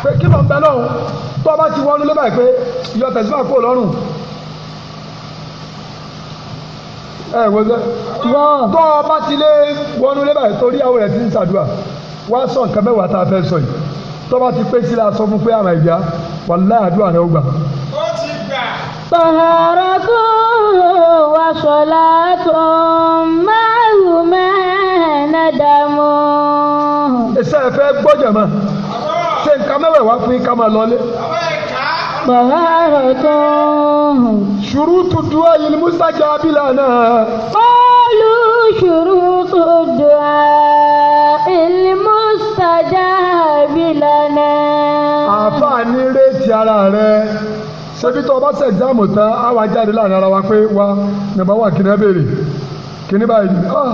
pé kí ló ń bẹ lọ́hùn tó bá ti wọ́nú lébàá pé yọ tẹ̀síwá kó lọ́rùn. ẹ wo sẹ tó o bá ti lé wọ́nú lébàá torí àwọn rẹ̀ ti ń ṣàdúrà wá sọ nǹkan mẹ́wàá tá a fẹ́ sọ yìí tó bá ti pé sí la sọ fún pé àrà ìjà wàláhì àdúrà rẹ̀ ó gbà. ó ti gbà. طهارة وصلاة معهما ندم. Ẹ ṣe é fẹ́ gbọ́ jàmá mẹ́wàá wá fún yín ká máa lọlé. Bàbá kan. Ṣùrù tuntun ayé ni Musa jẹ́ abílà náà. Bọ́ọ̀lù ṣùrù tuntun ayé ni Musa jẹ́ abílà náà. Àfààní rétí ara rẹ̀ ṣebí tó o bá ṣe ẹ̀gzáàmù tán á wá jáde láàrin ara wa pé wa nàbà wà kí ni ẹ báyìí ah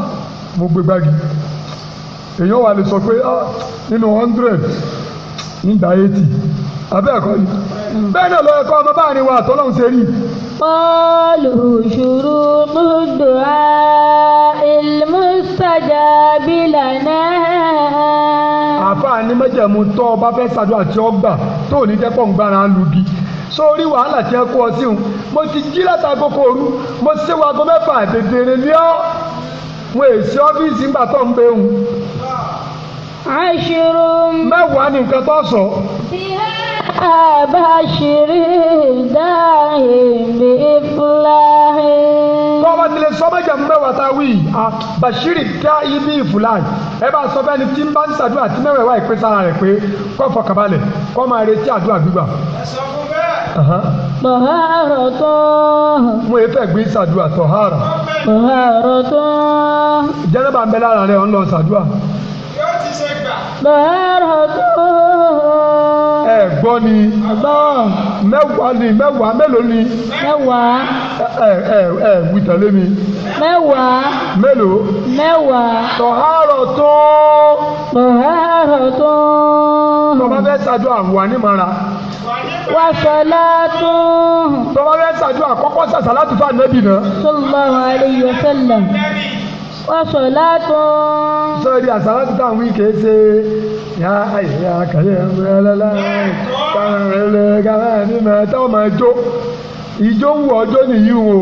mo gbé gbági èèyàn wà lè sọ pé ah nínú hundred nígbà eighty abẹ́ ẹ̀kọ́ yìí bẹ́ẹ̀ náà lọ ẹ̀kọ́ ọmọ báà ni wà tọ́lọ́hún ṣe rí. pọ́ọ̀lù ṣùrù múdù á ìlmùsàjà bílà náà. àfáà ní mẹ́jẹ̀mú tọ́ ọba fẹ́ ṣàdúrà tí ó tó ní jẹ́ pọ̀ǹgbára lùgì sórí wàhálà tí ẹ kó ọ síhun mo ti jí látàgọ́ kó mo ti ṣe wago mẹ́fà dèdèrè ní ọ́ mo èsì ọ́fíìsì ńgbà tó ń gbé hùn. عشر mẹ́wàá ni nǹkan tó sọ. Àbáṣirí dáhìn bí fúláhì. Tọ́ba ti lè sọ méjì mẹ́wàá tá a wí àbáṣirí dáhìn bí fúláhì. Ẹ bá sọ bẹ́ẹ̀ ni tí ń bá ń ṣàdúrà tí mẹ́wàá ìwà ìpín sára rẹ̀ pé kọ́ fọkànbalẹ̀ kọ́ máa retí àdúrà gbígbà. Ẹ sọ fún bẹ́ẹ̀. Tọ̀hárọ̀ tó. Mo yẹ fẹ́ gbé ṣàdúrà tọ̀hárọ̀. Tọ̀hárọ̀ tó. Jẹ́nẹ́bà ń bẹ lára rẹ̀ ọ̀ lọ ṣàdúrà bẹ̀rẹ̀ tó. ẹ gbọ́ ni. gbọ́. mẹ́wàá ni mẹ́wàá mélòó ni. mẹ́wàá. ẹ ẹ ẹ wí tẹ̀lé mi. mẹ́wàá. mélòó. mẹ́wàá. tọ̀hárọ̀ tó. tọ̀hárọ̀ tó. tọ́ba fẹ́ ṣàjọ àwọn ànímọ́ra wa salatu. tọ́ba fẹ́ ṣàjọ àkọ́kọ́ ṣàṣà láti fún ànábì náà. sallallahu alayhi wa sallam wọ́sọ̀ látún. sọ́ọ́dì àsàlá ti tàn wí kìí ṣe ya àyè àkàlẹ̀ ẹ̀rẹ́lẹ́lá kàrẹ́lẹ́ kàrẹ́ ní mẹ́ táwọn máa jó wù ọjọ́ nìyí o.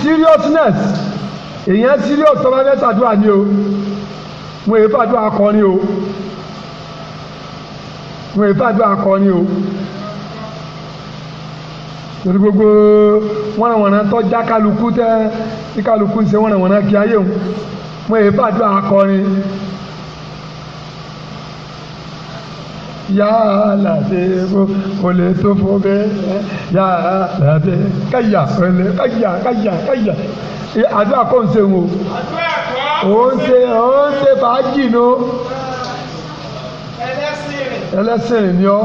seriousness èèyàn serious tọ́ba mẹ́ta dúrà ní o wọ́n èèfà dúrà akọni o wọ́n èèfà dúrà akọni o torí gbogbo wọ́nàwọ́nà tọ́já kálukú tẹ́ tí kálukú ń ṣe wọ́nàwọ́nà kí ayé òun wọ́n èyí fàdúrà akọrin. yàrá ṣe kó o lè tó fún bẹ́ẹ̀ yàrá ṣe káyà káyà káyà káyà àdúrà kò ń ṣe wò ó ń ṣe ó ń ṣe fàájì nù ẹlẹ́sìn ni ọ́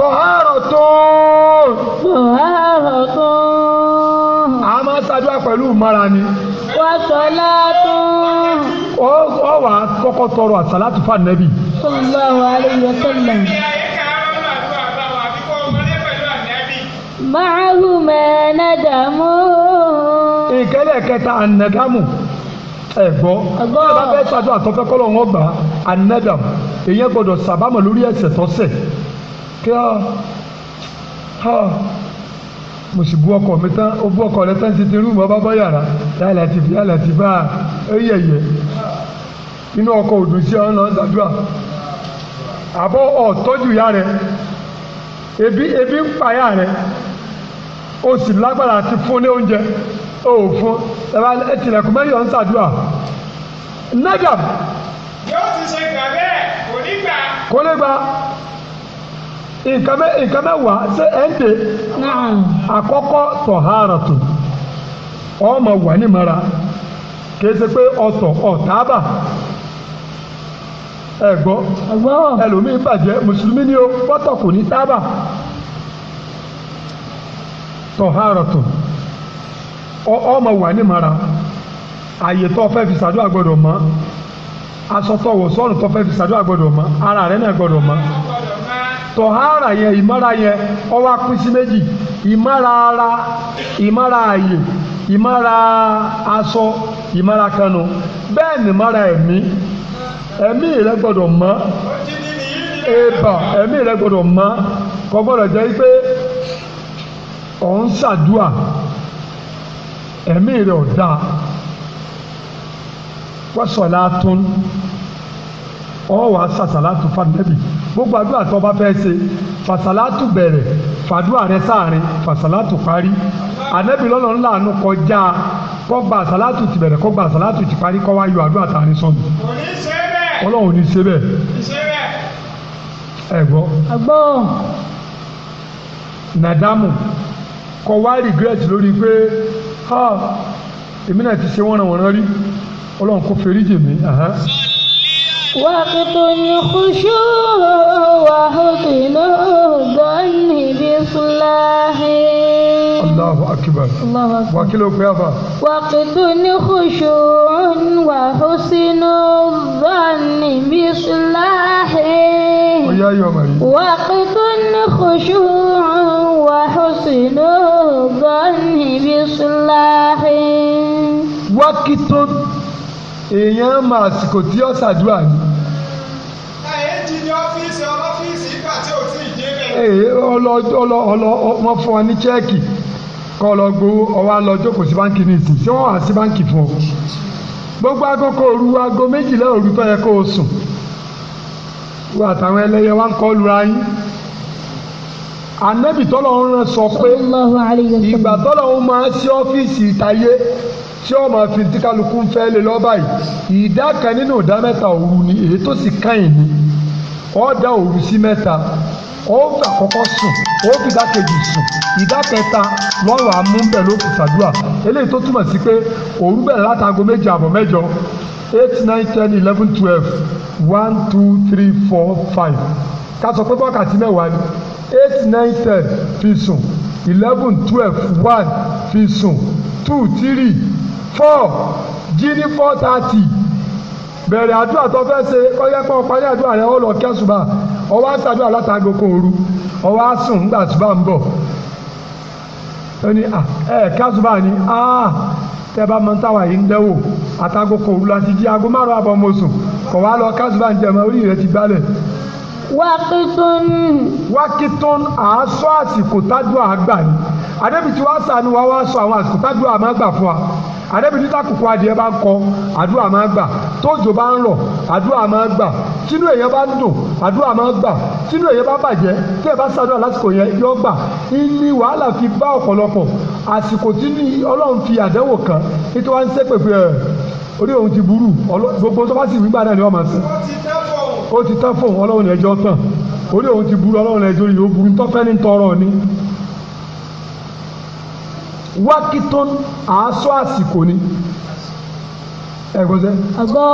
tọ̀hárọ̀tún. tọ̀hárọ̀tún. a máa ṣàdúrà pẹ̀lú ìmọ̀ra ni. wà sọlá tún. ó wà kọ́kọ́ tọrọ àsàlátù fún ànábì. sallallahu alaihi wa sallam. màálùmẹ̀ nàdàmú. ìkẹ́lẹ̀ kẹta ànàdàmù ẹ gbọ́ ẹ bá fẹ́ ṣàdúrà tó fẹ́ kọ́ lọ́wọ́ gbà ànàdàmù èyí gbọ́dọ̀ sàbámọ̀ lórí ẹ̀ṣẹ̀ tó kí ọ ọ mo sì bu ọkọ mi tán o bu ọkọ rẹ tán títí rúùmù ọba bọ yàrá yàrá ti fi yàrá ti bá ẹ yẹyẹ inú ọkọ òdùn sí ọ náà dàdúrà àbọ̀ ọ̀tọ́jú ìyá rẹ̀ ebi ebi ń pa ìyá rẹ̀ o sì lágbára àti fún ní oúnjẹ o ò fún ẹ̀rọ ẹtìlẹ̀kùn mẹ́yọ̀ ń ṣàdúrà nádàm. yóò ti ṣe gbà kò ní gbà. kò ní gbà nǹkan mẹ́ nǹkan mẹ́wàá ṣé ẹ̀ ń dè. àkọ́kọ́ tọ̀háràtù ọmọ wà ní mara kì í ṣe pé ọ̀tọ̀ ọ̀tábà ẹ gbọ́ ẹlòmíín bàjẹ́ mùsùlùmí ni ó pọ́tọ̀ kò ní tábà tọ̀háràtù ọmọ wà ní mara àyè tó fẹ́ fi ṣàdúrà gbọ́dọ̀ mọ́ aṣọ tó fẹ́ fi ṣàdúrà gbọ́dọ̀ mọ́ ara rẹ̀ náà gbọ́dọ̀ mọ́ tọ̀hárà yẹn ìmọ́ra yẹn ó wá pín sí méjì ìmọ́ra ara ìmọ́ra àyè ìmọ́ra aṣọ ìmọ́ra kanu bẹ́ẹ̀ ni ìmọ́ra ẹ̀mí ẹ̀mí rẹ gbọ́dọ̀ mọ́ ẹ̀bà ẹ̀mí rẹ gbọ́dọ̀ mọ́ kò gbọ́dọ̀ jẹ́ pé ọ̀ ń ṣàdúà ẹ̀mí rẹ ò dáa wọ́n sọ̀ látún ọ̀ wá ṣàṣà látún fún anábì gbogbo àdúrà tó bá fẹ́ ṣe fàṣàlátù bẹ̀rẹ̀ fàdúrà rẹ sáàrin fàṣàlátù parí ànẹ́bí lọ́nà ńlá àánú kọjá kọ́gbà àṣàlátù ti bẹ̀rẹ̀ kọ́gbà àṣàlátù ti parí kọ́ wá àdúrà tààrin sọ́nù. ọlọ́run ní ṣe bẹ́ẹ̀ ẹ gbọ́. ẹ̀gbọ́n. nàdámù kọ wá regret lórí pé ah, èmi náà ti ṣe wọ́nranwọ̀nran rí ọlọ́run kò fẹ́rí jì Uh-huh. واقطن خشوعه وحطنه الظن بإصلاحه الله أكبر الله أكبر وكله قيافة وقتن خشوع وحسن الظن بإصلاحه ويا يوم وقتن خشوع وحسن الظن بإصلاحه وقتن èèyàn máa àsìkò tí ọlọ ọlọ ọlọ wọn fún wa ní chẹ́ẹ̀kì kọ́ lọ gbowó ọwọ́ á lọ jókòó sí báńkì ní ìsìn tí wọ́n wà sí báńkì fún ọ. gbogbo agogo òru aago méjìlá òru tó yẹ kó o sùn wọ́n àtàwọn ẹlẹ́yẹ wa ń kọ́ lura yín anabi tọ́lọ̀ ń rán sọ pé ìgbà tọ́lọ̀ ń máa sí ọ́fíìsì ìtayé tí ó máa fi tí kálukú ń fẹ́ lé lọ́ba yìí ìdá kan nínú ìdá mẹ́ta òru ni èyí tó sì káyìn ni ó dá òru sí mẹ́ta ó fà kọ́kọ́ sùn ó fi ìdá kejì sùn ìdá kẹta lọ́rọ̀ amúnbẹ̀ ló fi ṣàdúrà eléyìí tó túmọ̀ sí pé òru bẹ̀rẹ̀ látago méje àbọ̀ mẹ́jọ eight nine ten eleven twelve one two three four five ká sọ pé wákàtí mẹ́wàá ni eight nine ten fi sùn eleven twelve one fi sùn two three four jí ní four thirty bẹ̀rẹ̀ àdúrà tó fẹ́ ṣe kọ́lẹ́ pọ̀ parí àdúrà rẹ ó lọ kí àṣùbà ó wá ṣàdúrà látàgò kan òru ó wá nígbà àṣùbà ń bọ̀ ó ẹ kí àṣùbà ni tẹ bá mọ táwa yìí ń dẹ́wò àtàgò kan òru láti jí aago márùn-ún àbọ̀ mọ̀ kọ̀ wá lọ kí àṣùbà ń jẹ mọ́ orí rẹ ti gbálẹ̀ wákìtún. wákìtún à ń sọ àsìkò tájú àgbà ni àdébí tí wàá sànù wá wá sọ àwọn àsìkò tájú àmọ́ gbà fún wa àdébí tí takùkù adìẹ bá ń kọ àdúrà máa gbà tójò bá ń rọ̀ àdúrà máa gbà tínú èèyàn bá ń dùn àdúrà máa gbà tínú èèyàn bá bàjẹ́ tí ẹ bá sàdúrà lásìkò yẹn yọ gbà ní wàhálà fi bá ọ̀pọ̀lọpọ̀ àsìkò tí ọlọ́run fi àdánwò kan nítorí wá ń sẹ́pẹ̀ pé orí òun ti burú gbogbo tó bá sì wí gbà náà ni wọ́n máa sìn ó ti tán fún òun ọlọ́run ẹjọ́ tán orí òun ti burú ọlọ́run ẹjọ́ yìí ó burú tọ́fẹ́ ní tọrọ ni. wákìtún àásọ àsìkò ni ẹ gbọ́ sẹ́. àgọ́.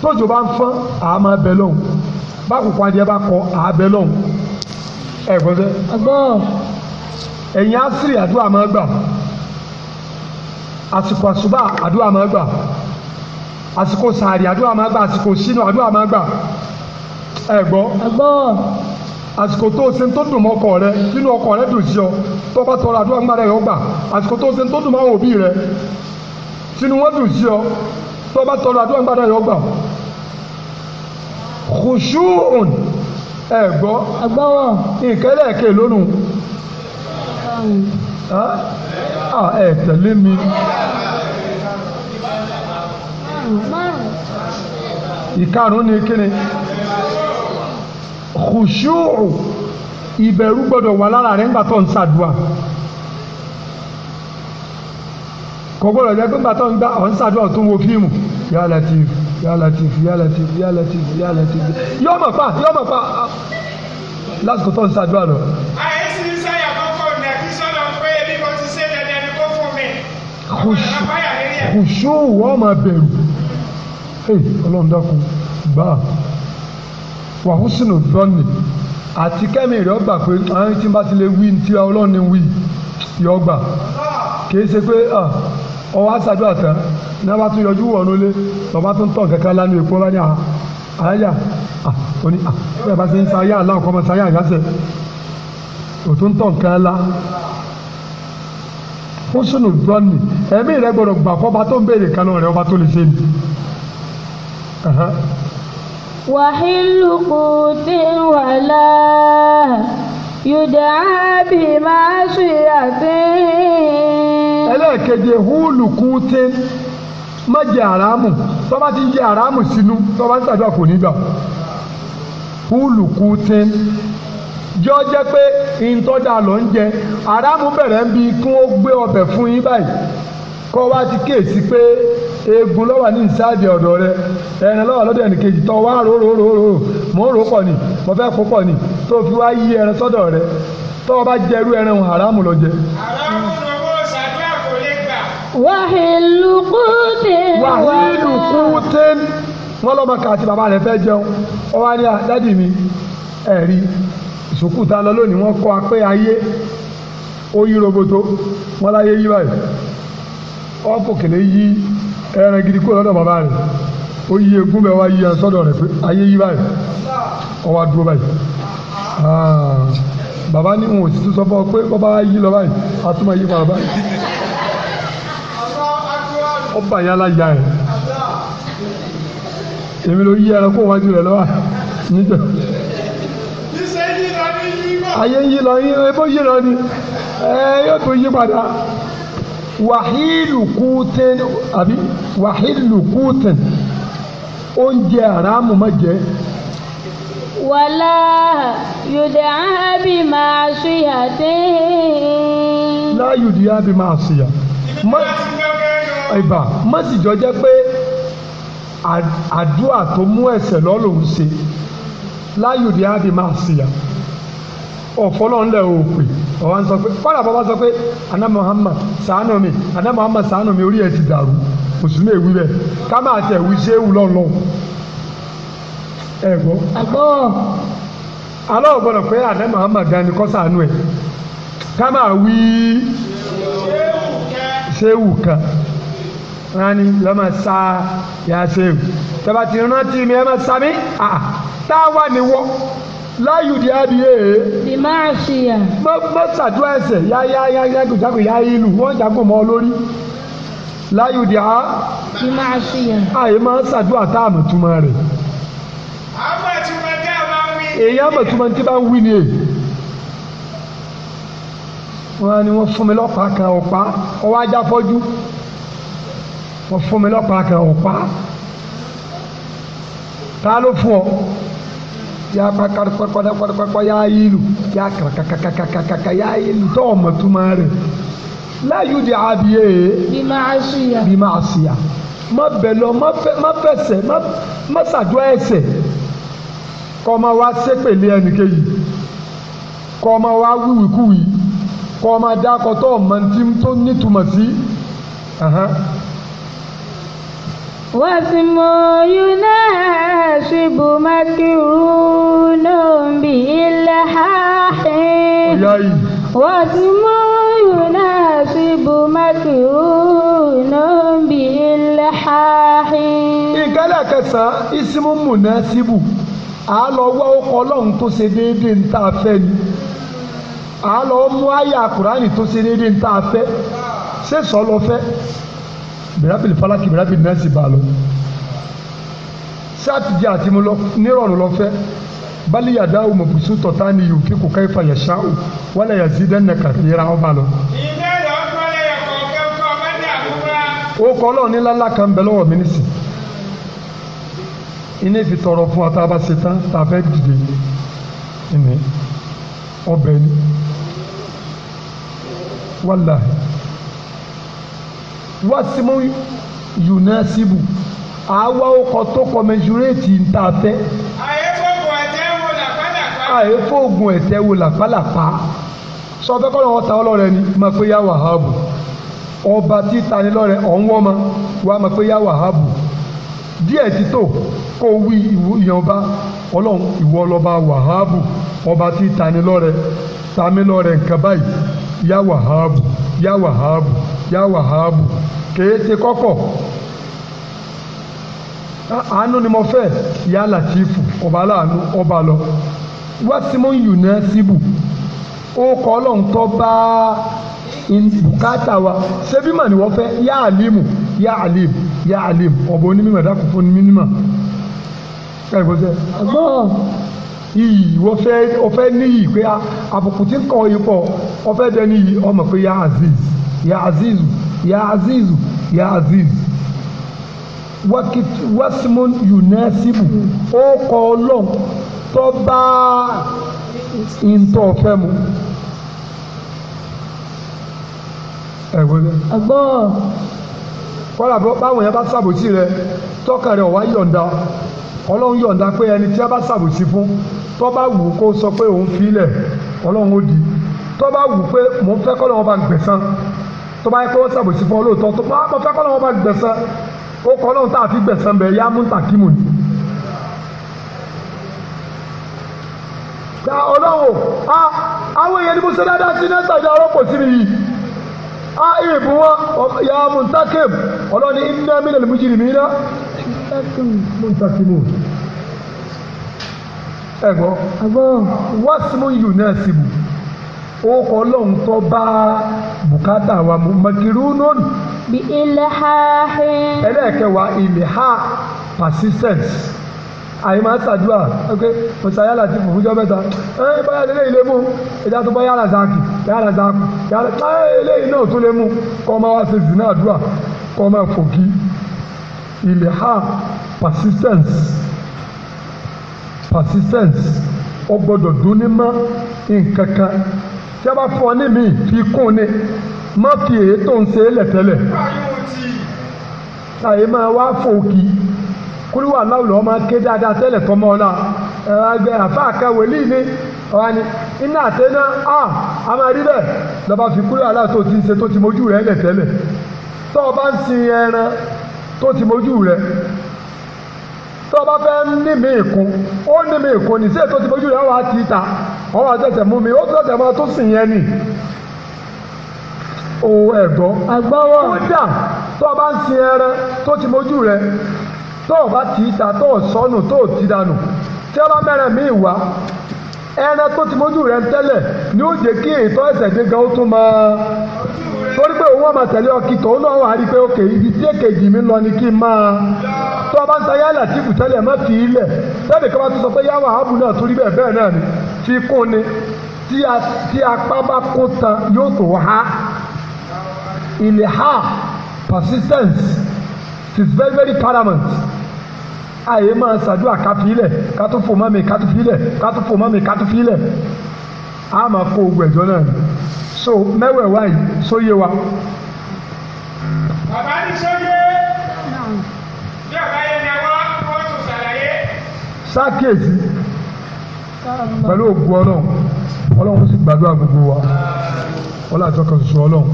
tójò bá ń fọ́n àá máa bẹ lọ́hùn bákùkù adìẹ bá kọ àá bẹ lọ́hùn ẹ gbọ́ sẹ́. àgọ́. ẹ̀yin àṣírí àdúrà máa gbà àsìkò àṣùbà àdúrà máa gbà àsìkò sàárì àdúrà máa gbà àsìkò sínú àdúrà máa gbà ẹ gbọ́ àsìkò tó ṣe tó dùn mọ́ ọkọ rẹ nínú ọkọ rẹ dùn sí ọ tó bá tọrọ àdúrà ńgbà rẹ yọ gbà àsìkò tó ṣe tó dùn mọ́ àwọn òbí rẹ sínú wọn dùn sí ọ tó bá tọrọ àdúrà ńgbà rẹ yọ gbà kùsùn ẹ gbọ́ ìkẹ́lẹ̀ kè lónìí ẹ tẹ̀lé mi ìkarùn ni kíni kùsùrù ìbẹ̀rù gbọ́dọ̀ wà lára rẹ̀ ńgbà tó ń ṣàdúà kò gbọ́dọ̀ jẹ́ pé ńgbà tó ń gbà ọ̀ ń ṣàdúà tó ń wo fíìmù ya latif ya latif ya latif ya latif ya latif yọ mọ̀ pa yọ mọ̀ pa lásìkò tó ń ṣàdúà lọ. àyè sì ń sáyà kọ́kọ́ ní àkísọ́nà pé ebi kan ti ṣe dandan ní kó fún mi. kùsùrù wọ́n máa bẹ̀rù hey ọlọ́run dákun gbà á wàhùsùnù bọ́ọ̀nì àti kẹ́mi rẹ̀ ọgbà pé àwọn tí n bá ti lè wí ti ọlọ́run ni wí yọ gbà kìí ṣe pé ọwọ́ àṣàdúrà tán náà bá tún yọjú wọ̀nú lé bàbá tún tọ̀ kankan lánàá èkó bá ní àyà òní bẹ́ẹ̀ bá ti ń sayá àlá ọkọ̀ máa sayá àgáṣẹ́ òtún tọ̀ nǹkan la fúnṣùnù bọ́ọ̀nì ẹ̀mí rẹ̀ gbọ́dọ̀ gbà kọ́ bá tó ń béèrè kan náà rẹ̀ ọba tó lè ṣe ni. أه. وحل قوت ولا يدعى بمعصيته ẹlẹ́ẹ̀kejì húlù kúté má jẹ àràmù tọba ti jẹ àràmù sínú tọba ti ṣàdúrà kò jọ pé ìtọ́jà ló ń jẹ àràmù bẹ̀rẹ̀ ń bi gbé ọbẹ̀ fún kọwa wá ti kéèsì pé eegun lọ́wọ́ ní ìsáàdì ọ̀dọ̀ rẹ ẹran lọ́wọ́ lọ́dọ̀ ẹnìkejì tọ́ wá rò rò rò pọ̀ ni mo fẹ́ kó pọ̀ ni tó fi wá ẹran sọ́dọ̀ rẹ tọ́ ọ bá jẹ irú ẹran òun haramu jẹ. wàhílù lọ́mọ àti bàbá rẹ̀ fẹ́ jẹun ọ wá ní àdádì mi ẹ̀rí lọ lónìí apẹ́ ayé roboto láyé yí ọ̀fọ̀kẹ̀lẹ̀ yí ẹran gidi kó lọ́dọ̀ bàbá rẹ̀ ó yí egun bẹ́ẹ̀ wá yí ẹran sọ́dọ̀ rẹ̀ pé ayé yí báyìí ọwọ́ adúró báyìí ah, bàbá ní òun ò sì pé bàbá yí lọ báyìí a tún máa yí padà báyìí ó bà yá láyà ẹ̀ èmi ló yí ẹran kó wájú rẹ̀ lọ́wọ́ níjọ́ ayé yí lọ yí ebó yí lọ ni ẹ yóò tún yí padà wàhílù kúùtìn àbí wàhílù kúùtìn oúnjẹ àràmù má jẹ. wàlá yòdì ábí máa ṣùyà dé. láyòdì ábí máa ṣùyà. ìbà má sì jọ jẹ́ pé àdúrà tó mú ẹ̀ṣẹ̀ lọ́lọ́ ń ṣe láyòdì ábí máa ṣùyà ọ̀fọ́lọ́ńlẹ̀ ò pè ọ̀hún sọ pé kọ́lá bàbá sọ pé aná Muhammad sàánù mi aná Muhammad sàánù mi orí ẹ̀ ti dàrú mùsùlùmí èwì bẹ́ẹ̀ ká máa tẹ̀ wí ṣé wù lọ́nà ẹ̀ gbọ́. àgbọ̀ aláwọ̀ gbọ́dọ̀ pé aná Muhammad dání kọ́ sàánù ẹ̀ ká máa wí ṣé wù kan rani lọ́mọ sá yà ṣé wù tẹ́bàtì rántí mi ẹ̀ máa sá mi tá a wà ní wọ́ láyù di adìyẹ. bí máa fi yà. mọ mọ sàdúrà ẹsẹ yáyáyá jágò jágò yá ìlú wọn jágò mọ lórí. láyù di a. bí máa fi yà. àyè máa sàdúrà a àmọ̀ túmọ̀ rẹ̀. àmọ̀ túmọ̀ tí a máa ń wí. èyí àmọ̀ túmọ̀ tí bá ń wí ni. wọ́n á ní wọ́n fún mi lọ́pàá kan ọ̀pá ọwọ́ ajá fọ́jú. wọ́n fún mi lọ́pàá kan ọ̀pá. ta ló fún ọ yà kpakpakpakpakpakpakpa yà ayélu yà kàkàkàkàkàkà yà ayélu tọ́wọ̀ mọ̀túmọ̀ rẹ̀ láyù di abiyé. E. bímá àṣìyà. bímá àṣìyà má bẹ̀ lọ má fẹsẹ̀ má sàdó ẹsẹ̀ kọ́ ma wá sépèlé ẹnìkejì kọ́ ma wá wíwìkúwì kọ́ ma dákọ̀ tọ́ mọ̀ntí tó nítumọ̀ sí. واسم يناسب مكرون بإلحاح واسم يناسب مكرون بإلحاح ìkálẹ̀ kẹsàn-án ismu munasibu a lọ wá ọkọ ọlọ́run tó ṣe déédéé ń tà fẹ́ ni a mú àyà kùránì tó ṣe déédéé ń tà fẹ́ ṣé sọ lọ fẹ́ bìrẹ́bìlì fálákì bìrẹ́bìlì nẹ́ẹ̀sì bá a lọ sáàtì jẹ́ àti mo lọ nírọ̀rùn lọ fẹ́ bali yàda ọmọ bùsùn tọ̀tà ni yòó kí kò ká ifá yẹ ṣáà wàlẹ̀ yà zi dẹ́nẹ̀ kàfíyèrè àwọn bá lọ. ó kọ́ lọ́ọ̀ ní lálá kan bẹ lọ́wọ́ mi nísì iná fi tọrọ fún wa tá a dìde ẹnì ọbẹ̀ ni wàlláhì wasimu yunasibu àwa ọkọ̀ tó kọmẹjúrétì ń ta fẹ́. àyẹ̀fọ́gùn ẹ̀tẹ́ wo làpálàpá. àyẹ̀fọ́gùn ẹ̀tẹ́ wo làpálàpá. sọ fẹ́ kọ́nà wọn ta ọ lọ́rẹ́ ni máa pé yá wàhábù ọba tí ta ni lọ́rẹ́ ọ̀hún wọ́n ma wá máa pé yá wàhábù díẹ̀ ti tó kó wí ìyànba ọlọ́run ìwọ lọ́ba wàhábù ọba tí ni lọ́rẹ́ ta nǹkan báyìí yá wàhábù yá wàhábù yá wàhábù kèé ṣe kọ́kọ̀ àánú ni mo fẹ́ yá làtífù ọba aláàánú ọba lọ wá sí mo yu yù sibu. O ó kọ́ ọlọ́run tó bá bùkátà wa ṣebí mà ni wọ́n fẹ́ yá àlímù yá àlímù yá àlímù ọ̀bọ onímọ̀ dákun fún onímọ̀ ẹ̀rọ bó ṣe agbọ́n iyì wọ́n fẹ́ ọ fẹ́ níyì pé àbùkù tí ń kọ́ ipò ọ fẹ́ dẹni yìí ọmọ aziz ya azizu ya azizu ya azizu wasimun yunasibu o kọ ọlọ́run tó bá ìntọ́ fẹ́ mu. ẹ̀gbọ́n kọ́lá báwọn yẹn bá ṣàbòsí rẹ tọ́kàn rẹ ọ̀wá yọ̀ǹda ọlọ́run yọ̀ǹda pé ẹni tí a bá ṣàbòsí fún tó bá wù kó sọ pé òun fi ilẹ̀ ọlọ́run ó di tó bá wù pé mò ń fẹ́ kọ́ lọ́wọ́ bá gbẹ̀san tó bá yẹ kó ṣàbòsí fún ọ lóòótọ́ tó bá mo fẹ́ kọ́ lọ́wọ́ bá gbẹ̀sán ó kọ́ lọ́wọ́ tá a fi gbẹ̀sán bẹ̀ yá múntàkímù ni. ta ọlọ́wọ́ a àwọn èèyàn ni mo ṣe dáadáa sí náà tàbí ọlọ́pọ̀ sí mi yìí a ìbú wọn ya muntakim ọlọ́ni iná mi lẹ́nu méjì mi ná muntakimu ẹ̀gbọ́n wọ́n sì mú yùnẹ́sì mu ókọ ọlọ́run tó bá bùkátà wa mú makirunun. bí ilhahin. ẹlẹ́ẹ̀kẹwàá ilha persistence àyè máa ń ṣàdúrà ok ọ̀sán yàrá ti fòfújọ mẹ́ta ẹ báyà lélẹ́ ilé mú ẹja tó bá yàrá zaki yàrá zaku yàrá táyà eléyìí náà tún lè mú kọ́ máa wá ṣe zina àdúrà kọ́ máa fòkì ilẹ̀ ha persistence persistence ó gbọ́dọ̀ dún ní ṣé bá fún ọ ní mi fi kún ni má fi èyí tó ń ṣe lẹ̀tẹ̀lẹ̀ àyè máa wá fòkì kúrú wà láwùlọ́ máa ké dáadáa tẹ́lẹ̀ tọmọ ọ̀la ẹ̀rọ àfa àkàwé lì ní ọ̀la ni iná àtẹ́ná a a máa rí bẹ́ẹ̀ lọ́ba fi kúrú àlá tó ti ń ṣe tó ti mójú rẹ̀ lẹ̀tẹ̀lẹ̀ tọ́ ọ bá ń sin ẹran tó ti mójú rẹ̀ tọ́ ọ bá fẹ́ ní mi ìkún ó ní mi ìkún ní sí ètò ti mójú rẹ̀ wá ti ta wọ́n máa tẹ̀sẹ̀ mú mi ó tẹ̀sẹ̀ máa tó sìn yẹn nì òun ẹ̀gbọ́ agbára kódà tó o bá ń sin ẹran tó ti mojú rẹ tó o bá tì í ta tó o sọnù tó o ti dànù tí o bá mẹ́rin mi wá ẹran tó ti mojú rẹ tẹ́lẹ̀ ni ó jẹ́ kí ètò ẹ̀sẹ̀ gbẹ̀gàn ó tún máa torí pé òun ọmọ tẹ̀lé ọkìtọ̀ òun náà wà rí pé òkè ibi tí èkejì mi lọ ni kí n máa tó ọba ń ta yálà tí kù má fi ilẹ̀ sẹ́ni kan bá tún sọ pé yáwà áàbù náà torí bẹ́ẹ̀ bẹ́ẹ̀ náà ni fi kún ni tí apá bá kún tan yóò tó ha ilẹ̀ ha persistence is very very paramount àyè máa ṣàdúrà ká fi ilẹ̀ ká tún fò mọ́ mi ká tún fi ilẹ̀ ká tún fò mọ́ mi ká tún fi ilẹ̀ á máa kó ogun ẹ̀jọ́ náà ni so mẹ́wẹ̀ẹ̀wá yìí sóyè wa. bàbá ní sóyè bí ọ̀gá yẹn ni wá wọ́n tún ṣàlàyé. sákèsì pẹ̀lú ògùn ọlọ́run ọlọ́run sì gbàdúrà gbogbo wa ọlá àtọkọ ṣoṣo ọlọ́run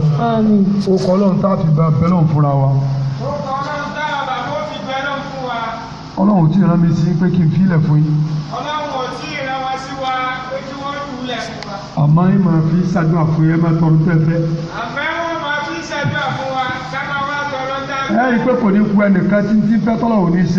ó kọ ọlọ́run tá a fi gba bẹ́lọ̀ fúnra wa. ọlọ́run ò tí ì rán mi sí pé kí n fílẹ̀ fún yín. ọlọ́run ò tí ì rán wa sí wa pé kí wọ́n lulẹ̀ fún wa àmọ́ ẹ máa fi ṣàdúrà fún yẹn máa tọrọ tẹ́ fẹ́. àmọ́ wọn máa fi ṣàdúrà fún wa ká máa wá tọrọ tá a fẹ́. ẹ rí i pé kò ní ku ẹnìkan tí ń ti fẹ́ tọ́lọ̀ ò ṣe.